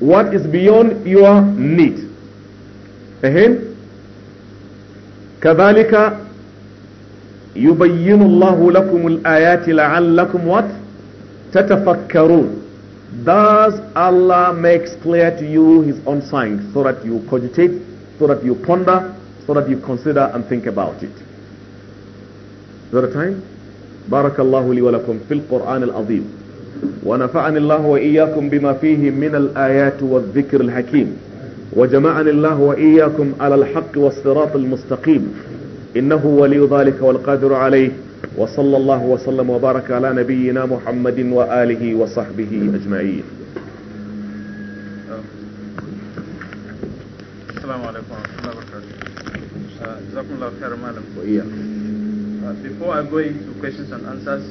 What is beyond your need? فهم؟ كذلك يبين الله لكم الآيات لعلكم what? تتفكرون Does Allah makes clear to you His own signs so that you cogitate, so that you ponder, so that you consider and think about it? Is that a time? بارك الله لي ولكم في القرآن العظيم ونفعني الله وإياكم بما فيه من الآيات والذكر الحكيم وجمعني الله وإياكم على الحق والصراط المستقيم إنه ولي ذلك والقادر عليه وصلى الله وسلم وبارك على نبينا محمد وآله وصحبه أجمعين السلام عليكم ورحمة الله وبركاته جزاكم الله خير معلم Before I go into questions and answers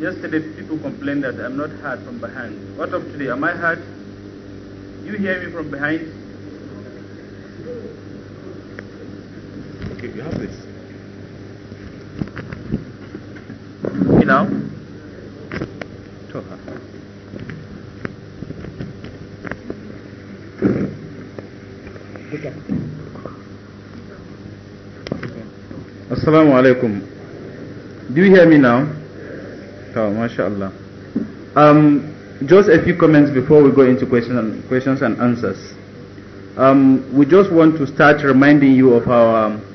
Yesterday people complained that I'm not heard from behind What of today? Am I heard? You hear me from behind? you have this. You know? Assalamu alaikum. Do you hear me now? Oh, mashallah. Um, just a few comments before we go into question and, questions and answers. Um, we just want to start reminding you of our um,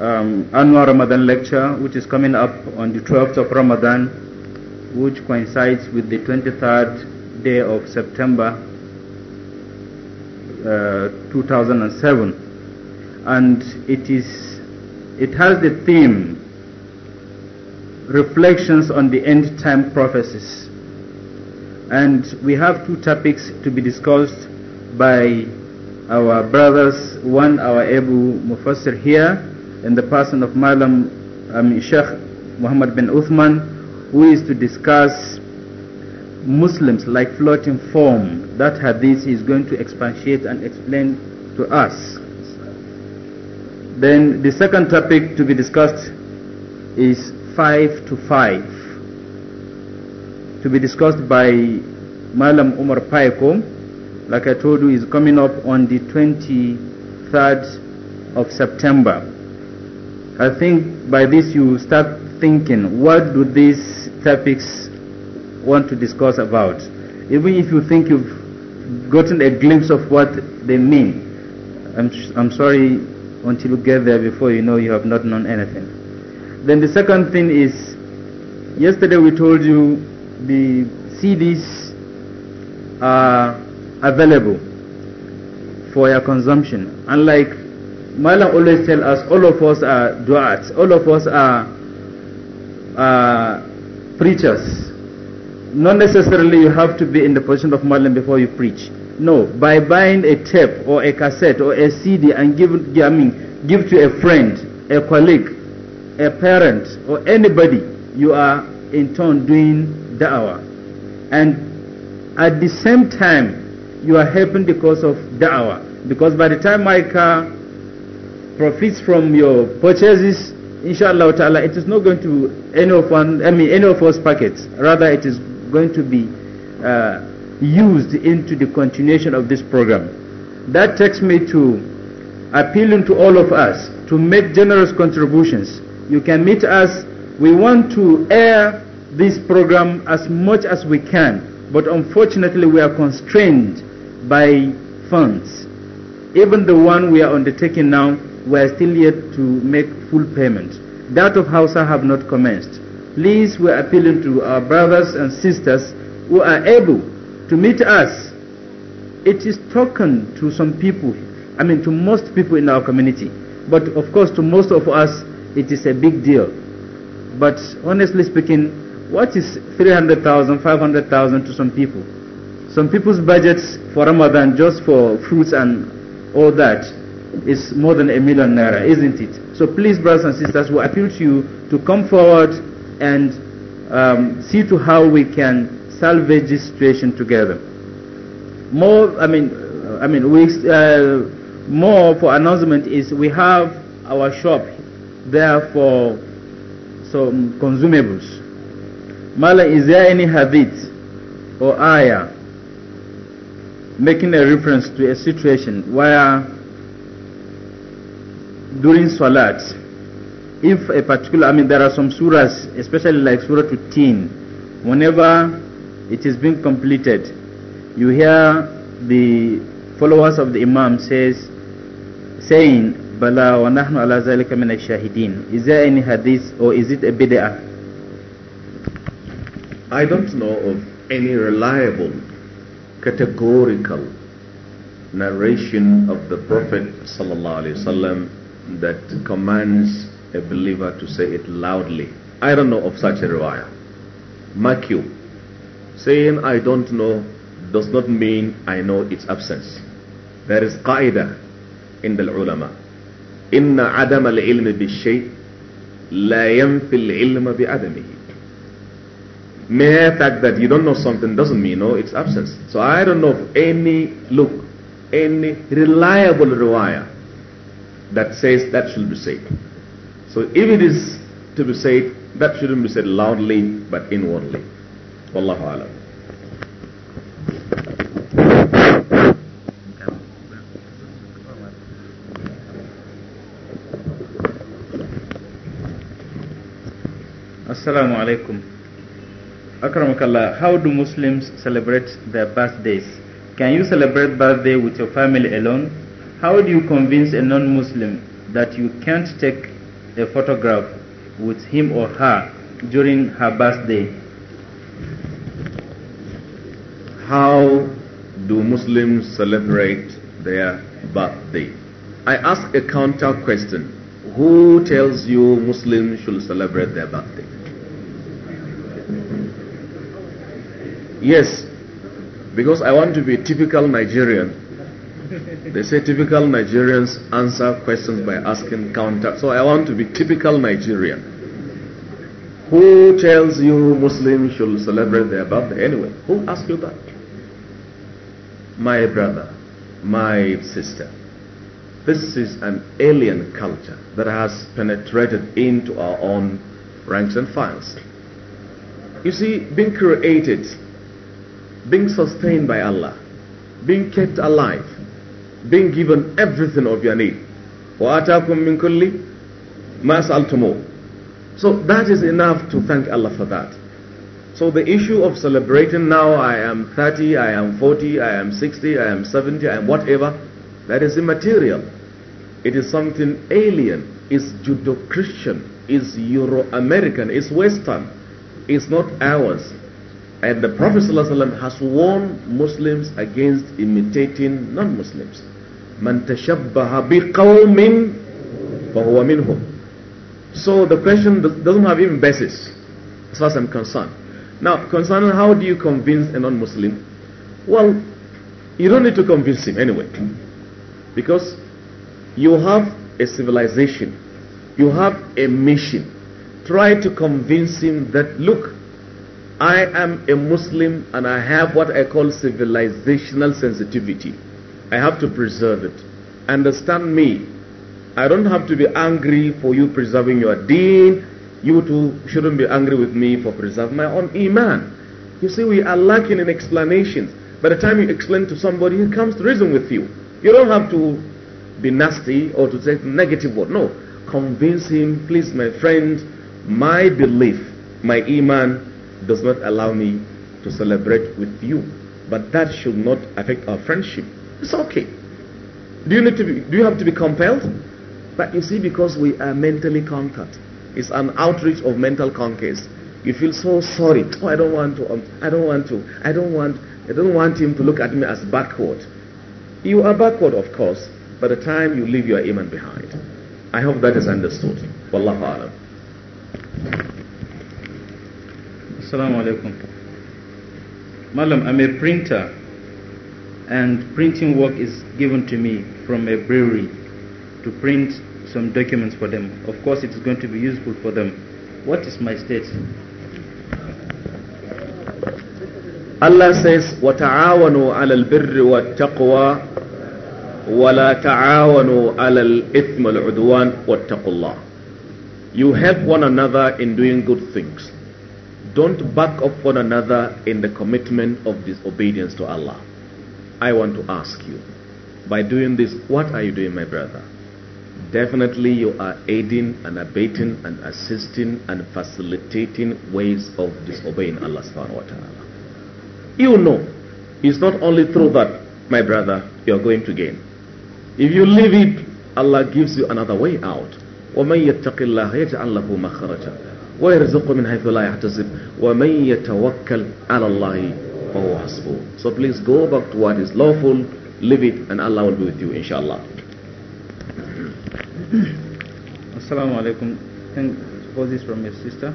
um, annual Ramadan lecture, which is coming up on the 12th of Ramadan, which coincides with the 23rd day of September uh, 2007, and it is it has the theme reflections on the end time prophecies, and we have two topics to be discussed by our brothers, one our Abu Mufassir here in the person of Malam um, Sheikh Muhammad bin Uthman, who is to discuss Muslims like floating form. That hadith is going to expatiate and explain to us. Then the second topic to be discussed is 5 to 5 to be discussed by Malam Umar Paiko like I told you is coming up on the 23rd of September I think by this you start thinking, what do these topics want to discuss about? Even if you think you've gotten a glimpse of what they mean, I'm, I'm sorry until you get there before you know you have not known anything. Then the second thing is, yesterday we told you the CDs are available for your consumption. Unlike Mala always tell us all of us are du'ats, all of us are, preachers. Not necessarily you have to be in the position of Malam before you preach. No, by buying a tape or a cassette or a CD and give, I mean, give to a friend, a colleague, a parent, or anybody, you are in turn doing da'wah. And at the same time, you are helping because of da'wah. Because by the time my car profits from your purchases, inshallah ta'ala, it is not going to any of one, I mean, any of us pockets. Rather, it is going to be uh, used into the continuation of this program. That takes me to appealing to all of us to make generous contributions. You can meet us. We want to air this program as much as we can, but unfortunately, we are constrained by funds. Even the one we are undertaking now were still yet to make full payment. That of Hausa have not commenced. Please, we are appealing to our brothers and sisters who are able to meet us. It is token to some people, I mean to most people in our community. But of course to most of us it is a big deal. But honestly speaking, what is 300,000, 500,000 to some people? Some people's budgets for Ramadan just for fruits and all that is more than a million naira, isn't it? So please, brothers and sisters, we appeal to you to come forward and um, see to how we can salvage this situation together. More, I mean, I mean, we, uh, more for announcement is we have our shop there for some consumables. Mala, is there any hadith or ayah making a reference to a situation where during salat if a particular i mean there are some surahs especially like surah 10. whenever it is being completed you hear the followers of the imam says saying bala wa nahnu ala zalika min ash-shahidin is there any hadith or is it a bid'ah i don't know of any reliable categorical narration of the prophet sallallahu alaihi wasallam that commands a believer to say it loudly. I don't know of such a riwayah. Mark you, saying I don't know does not mean I know its absence. There is qaida in the ulama. إن عدم la بالشيء al ينفي bi adamihi. Mere fact that you don't know something doesn't mean know its absence. So I don't know of any look, any reliable riwayah that says that should be said. So if it is to be said, that shouldn't be said loudly but inwardly. Wallahu alam. Assalamu alaikum. Akramakallah, how do Muslims celebrate their birthdays? Can you celebrate birthday with your family alone how do you convince a non Muslim that you can't take a photograph with him or her during her birthday? How do Muslims celebrate their birthday? I ask a counter question. Who tells you Muslims should celebrate their birthday? Yes, because I want to be a typical Nigerian. They say typical Nigerians answer questions by asking counter. So I want to be typical Nigerian. Who tells you Muslims should celebrate their birthday anyway? Who asked you that? My brother, my sister. This is an alien culture that has penetrated into our own ranks and files. You see, being created, being sustained by Allah, being kept alive, being given everything of your need. وَآتَاكُم مِّن كُلِّ مَا سَأَلْتُمُوهُ So that is enough to thank Allah for that. So the issue of celebrating now, I am 30, I am 40, I am 60, I am 70, I am whatever, that is immaterial. It is something alien, it's Judo-Christian, it's Euro-American, it's Western, it's not ours. And the Prophet ﷺ has warned Muslims against imitating non-Muslims. من تشبه بقوم فهو منهم. So the question doesn't have even basis as far as I'm concerned. Now, concerning how do you convince a non-Muslim? Well, you don't need to convince him anyway. Because you have a civilization. You have a mission. Try to convince him that, look, I am a Muslim and I have what I call civilizational sensitivity. I have to preserve it. Understand me. I don't have to be angry for you preserving your deen. You too shouldn't be angry with me for preserving my own iman. You see, we are lacking in explanations. By the time you explain to somebody, he comes to reason with you. You don't have to be nasty or to say negative word. No. Convince him, please, my friend, my belief, my iman does not allow me to celebrate with you. But that should not affect our friendship. It's okay. Do you need to be, do you have to be compelled? But you see, because we are mentally conquered, it's an outreach of mental conquest. You feel so sorry. Oh, I don't want to. Um, I don't want to. I don't want. I don't want him to look at me as backward. You are backward, of course. By the time you leave your iman behind, I hope that is understood. Wallahu alam. Assalamu alaikum. Malam, I'm a printer and printing work is given to me from a brewery to print some documents for them. Of course, it's going to be useful for them. What is my state? Allah says, وَتَعَاوَنُوا عَلَى الْبِرِّ وَالتَّقْوَى وَلَا تَعَاوَنُوا عَلَى الْإِثْمِ الْعُدْوَانِ وَاتَّقُوا اللَّهِ You help one another in doing good things. Don't back up one another in the commitment of disobedience to Allah. I want to ask you, by doing this, what are you doing, my brother? Definitely, you are aiding and abating and assisting and facilitating ways of disobeying Allah subhanahu wa ta'ala. You know, it's not only through that, my brother, you're going to gain. If you leave it, Allah gives you another way out. وَمَن يَتَّقِ اللَّهَ يَجْعَل لَهُ مَخْرَجًا ويرزقه من حيث لا يحتسب ومن يتوكل على الله فهو حسبه so please go back to what is lawful leave it and Allah will be with you inshallah Assalamu alaikum thank for this from your sister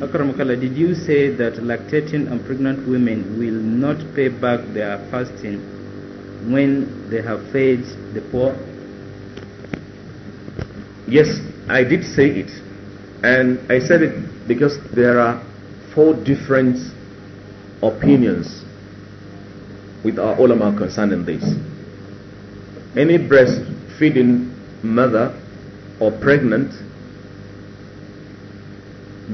Akramakala, did you say that lactating and pregnant women will not pay back their fasting when they have fed the poor? Yes, I did say it. And I said it because there are four different opinions with our ulama concerning this. Any breastfeeding mother or pregnant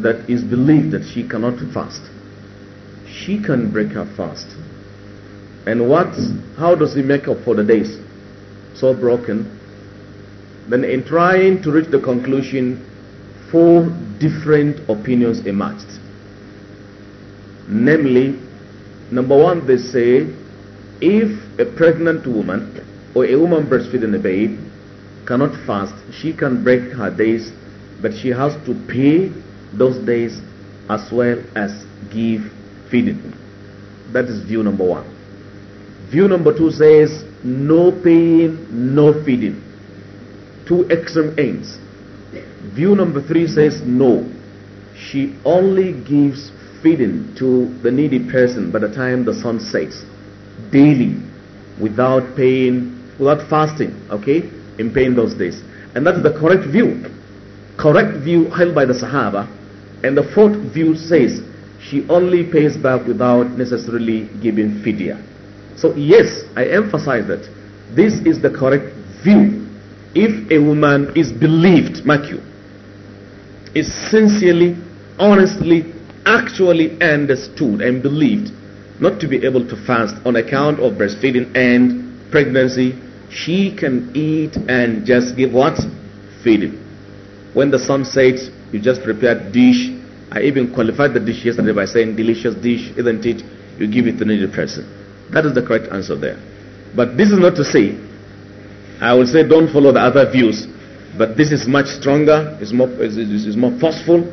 that is believed that she cannot fast, she can break her fast. And what? How does he make up for the days so broken? Then, in trying to reach the conclusion four different opinions emerged. Namely, number one, they say if a pregnant woman or a woman breastfeeding a baby cannot fast, she can break her days, but she has to pay those days as well as give feeding. That is view number one. View number two says no paying, no feeding. Two extreme ends. View number three says no. She only gives feeding to the needy person by the time the sun sets daily without paying, without fasting, okay, in paying those days. And that's the correct view. Correct view held by the Sahaba. And the fourth view says she only pays back without necessarily giving fidya. So, yes, I emphasize that this is the correct view. If a woman is believed, mark you, is sincerely, honestly, actually understood and believed not to be able to fast on account of breastfeeding and pregnancy, she can eat and just give what? Feeding. When the sun sets, you just prepare dish. I even qualified the dish yesterday by saying delicious dish, isn't it? You give it to the needy person. That is the correct answer there. But this is not to say, I will say don't follow the other views but this is much stronger, It's more, more forceful,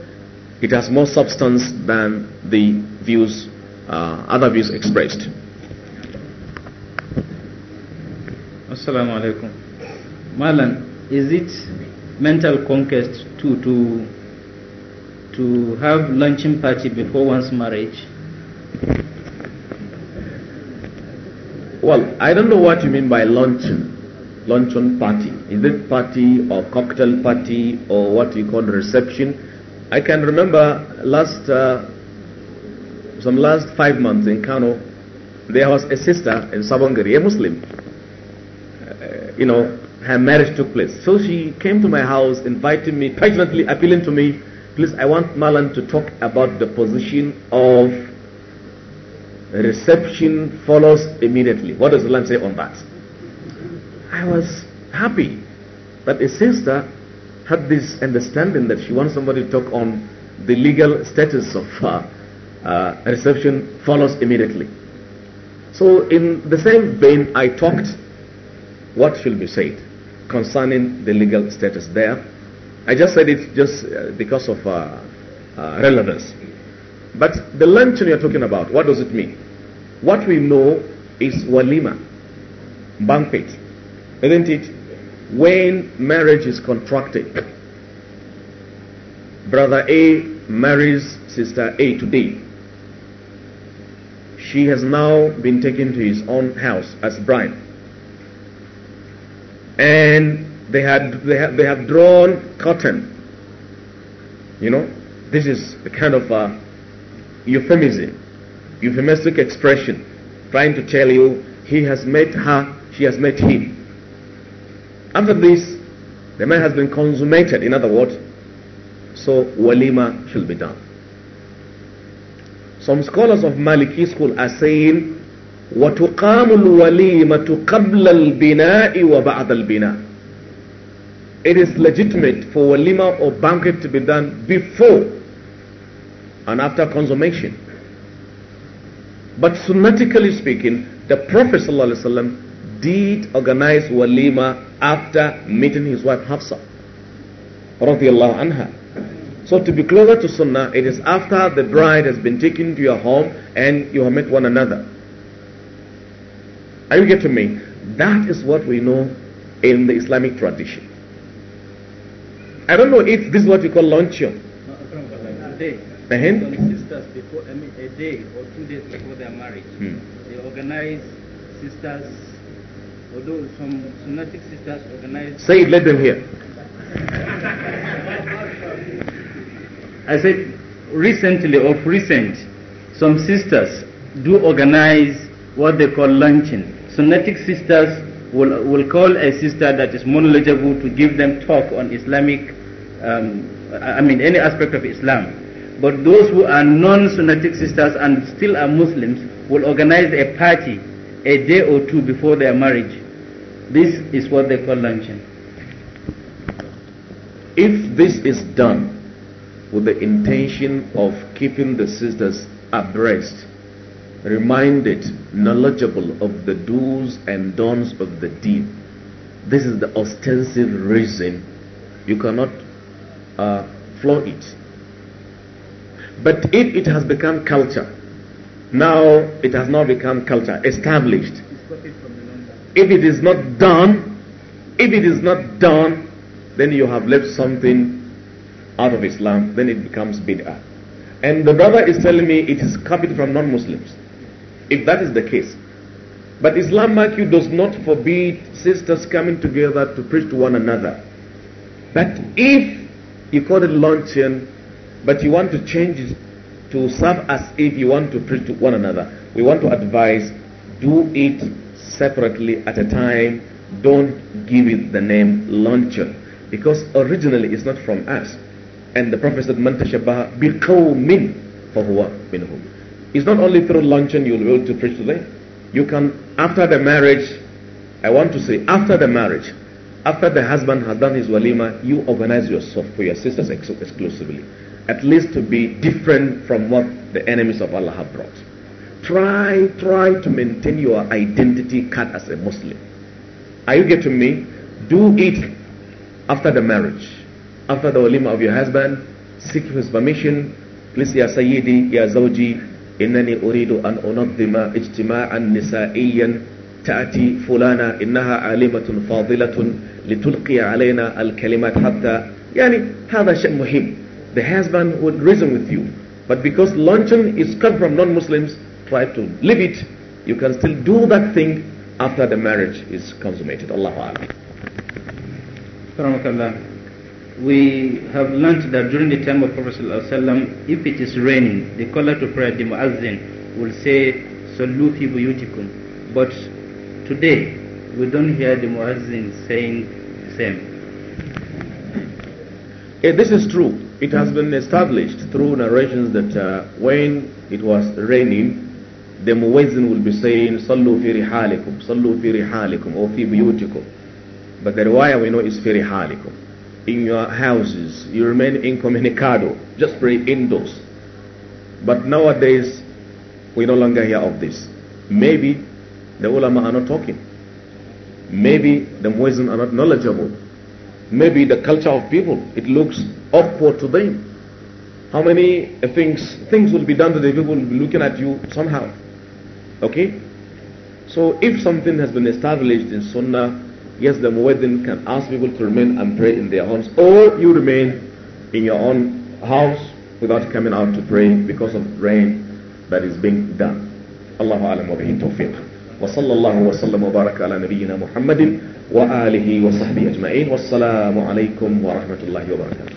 it has more substance than the views, uh, other views expressed. Assalamu alaikum. Malan, is it mental conquest to, to, to have luncheon party before one's marriage? Well, I don't know what you mean by luncheon luncheon party. Is it party or cocktail party or what you call reception? I can remember last uh, some last five months in Kano, there was a sister in Sabangari, a Muslim. Uh, you know, her marriage took place. So she came to my house, inviting me, passionately appealing to me, please, I want Malan to talk about the position of reception follows immediately. What does Malan say on that? I was happy. But a sister had this understanding that she wants somebody to talk on the legal status of uh, uh, reception follows immediately. So in the same vein, I talked what should be said concerning the legal status there. I just said it just uh, because of uh, uh, relevance. But the luncheon you're talking about, what does it mean? What we know is walima, banquet. Isn't it? When marriage is contracted, brother A marries sister A today. She has now been taken to his own house as bride. And they had they have they drawn curtain. You know, this is a kind of a euphemism, euphemistic expression, trying to tell you he has met her, she has met him. After this, the man has been consummated, in other words, so walima shall be done. Some scholars of Maliki school are saying, وتقام الوليمة قبل البناء وبعد البناء. It is legitimate for walima or banquet to be done before and after consummation. But sunnatically speaking, the Prophet ﷺ did organize walima after meeting his wife Hafsa. anha. So to be closer to Sunnah, it is after the bride has been taken to your home and you have met one another. Are you getting me? That is what we know in the Islamic tradition. I don't know if this is what we call luncheon. sisters before, I mean, a day or two days before their marriage, hmm. they organize sisters although some Sunnatic sisters organized. Say it, let them hear. I said, recently, of recent, some sisters do organize what they call luncheon. Sunnatic sisters will, will call a sister that is more knowledgeable to give them talk on Islamic, um, I mean, any aspect of Islam. But those who are non-Sunnatic sisters and still are Muslims will organize a party a day or two before their marriage this is what they call luncheon. If this is done with the intention of keeping the sisters abreast, reminded, knowledgeable of the do's and don'ts of the deen, this is the ostensive reason you cannot uh, floor it. But if it has become culture, now it has not become culture, established if it is not done, if it is not done, then you have left something out of Islam, then it becomes bid'ah. And the brother is telling me it is copied from non Muslims. If that is the case, but Islam, mark you, does not forbid sisters coming together to preach to one another. But if you call it luncheon, but you want to change it to serve as if you want to preach to one another, we want to advise do it separately at a time, don't give it the name luncheon. Because originally it's not from us. And the Prophet said, Man tashabbaha min fahuwa minhum. It's not only through luncheon you'll be able to preach today. You can, after the marriage, I want to say, after the marriage, after the husband has done his walima, you organize yourself for your sisters ex exclusively. At least to be different from what the enemies of Allah have brought. Try, try to maintain your identity card as a Muslim. Are you getting me? Do it after the marriage, after the olima of your husband. Seek his permission. Please, Ya Sayyidi, Ya Zawji, إنني أريد أن أنظم اجتماعا نسائيا تأتي فلانة إنها عالمة فاضلة لتلقي علينا الكلمات حتى يعني هذا شيء مهم the husband would reason with you but because luncheon is cut from non-Muslims try to live it, you can still do that thing after the marriage is consummated. Allah Akbar. We have learnt that during the time of Prophet ﷺ, if it is raining, the caller to prayer, the muazzin, will say, Sallu fi buyutikum. But today, we don't hear the muazzin saying the same. Yeah, this is true. It has been established through narrations that uh, when it was raining, the muezzin will be saying "Sallu fi رحالكم Sallu fi رحالكم or fi biyutikum." but the riwayah we know is في in your houses you remain incommunicado just pray indoors but nowadays we no longer hear of this maybe the ulama are not talking maybe the muezzin are not knowledgeable maybe the culture of people it looks awkward to them how many things things will be done to the people will be looking at you somehow Okay? So if something has been established in Sunnah, yes, the Muwaddin can ask people to remain and pray in their homes, or you remain in your own house without coming out to pray because of rain that is being done. Allahu alam wa bihi tawfiq. وصلى الله وسلم وبارك على نبينا محمد وآله وصحبه أجمعين والسلام عليكم ورحمة الله وبركاته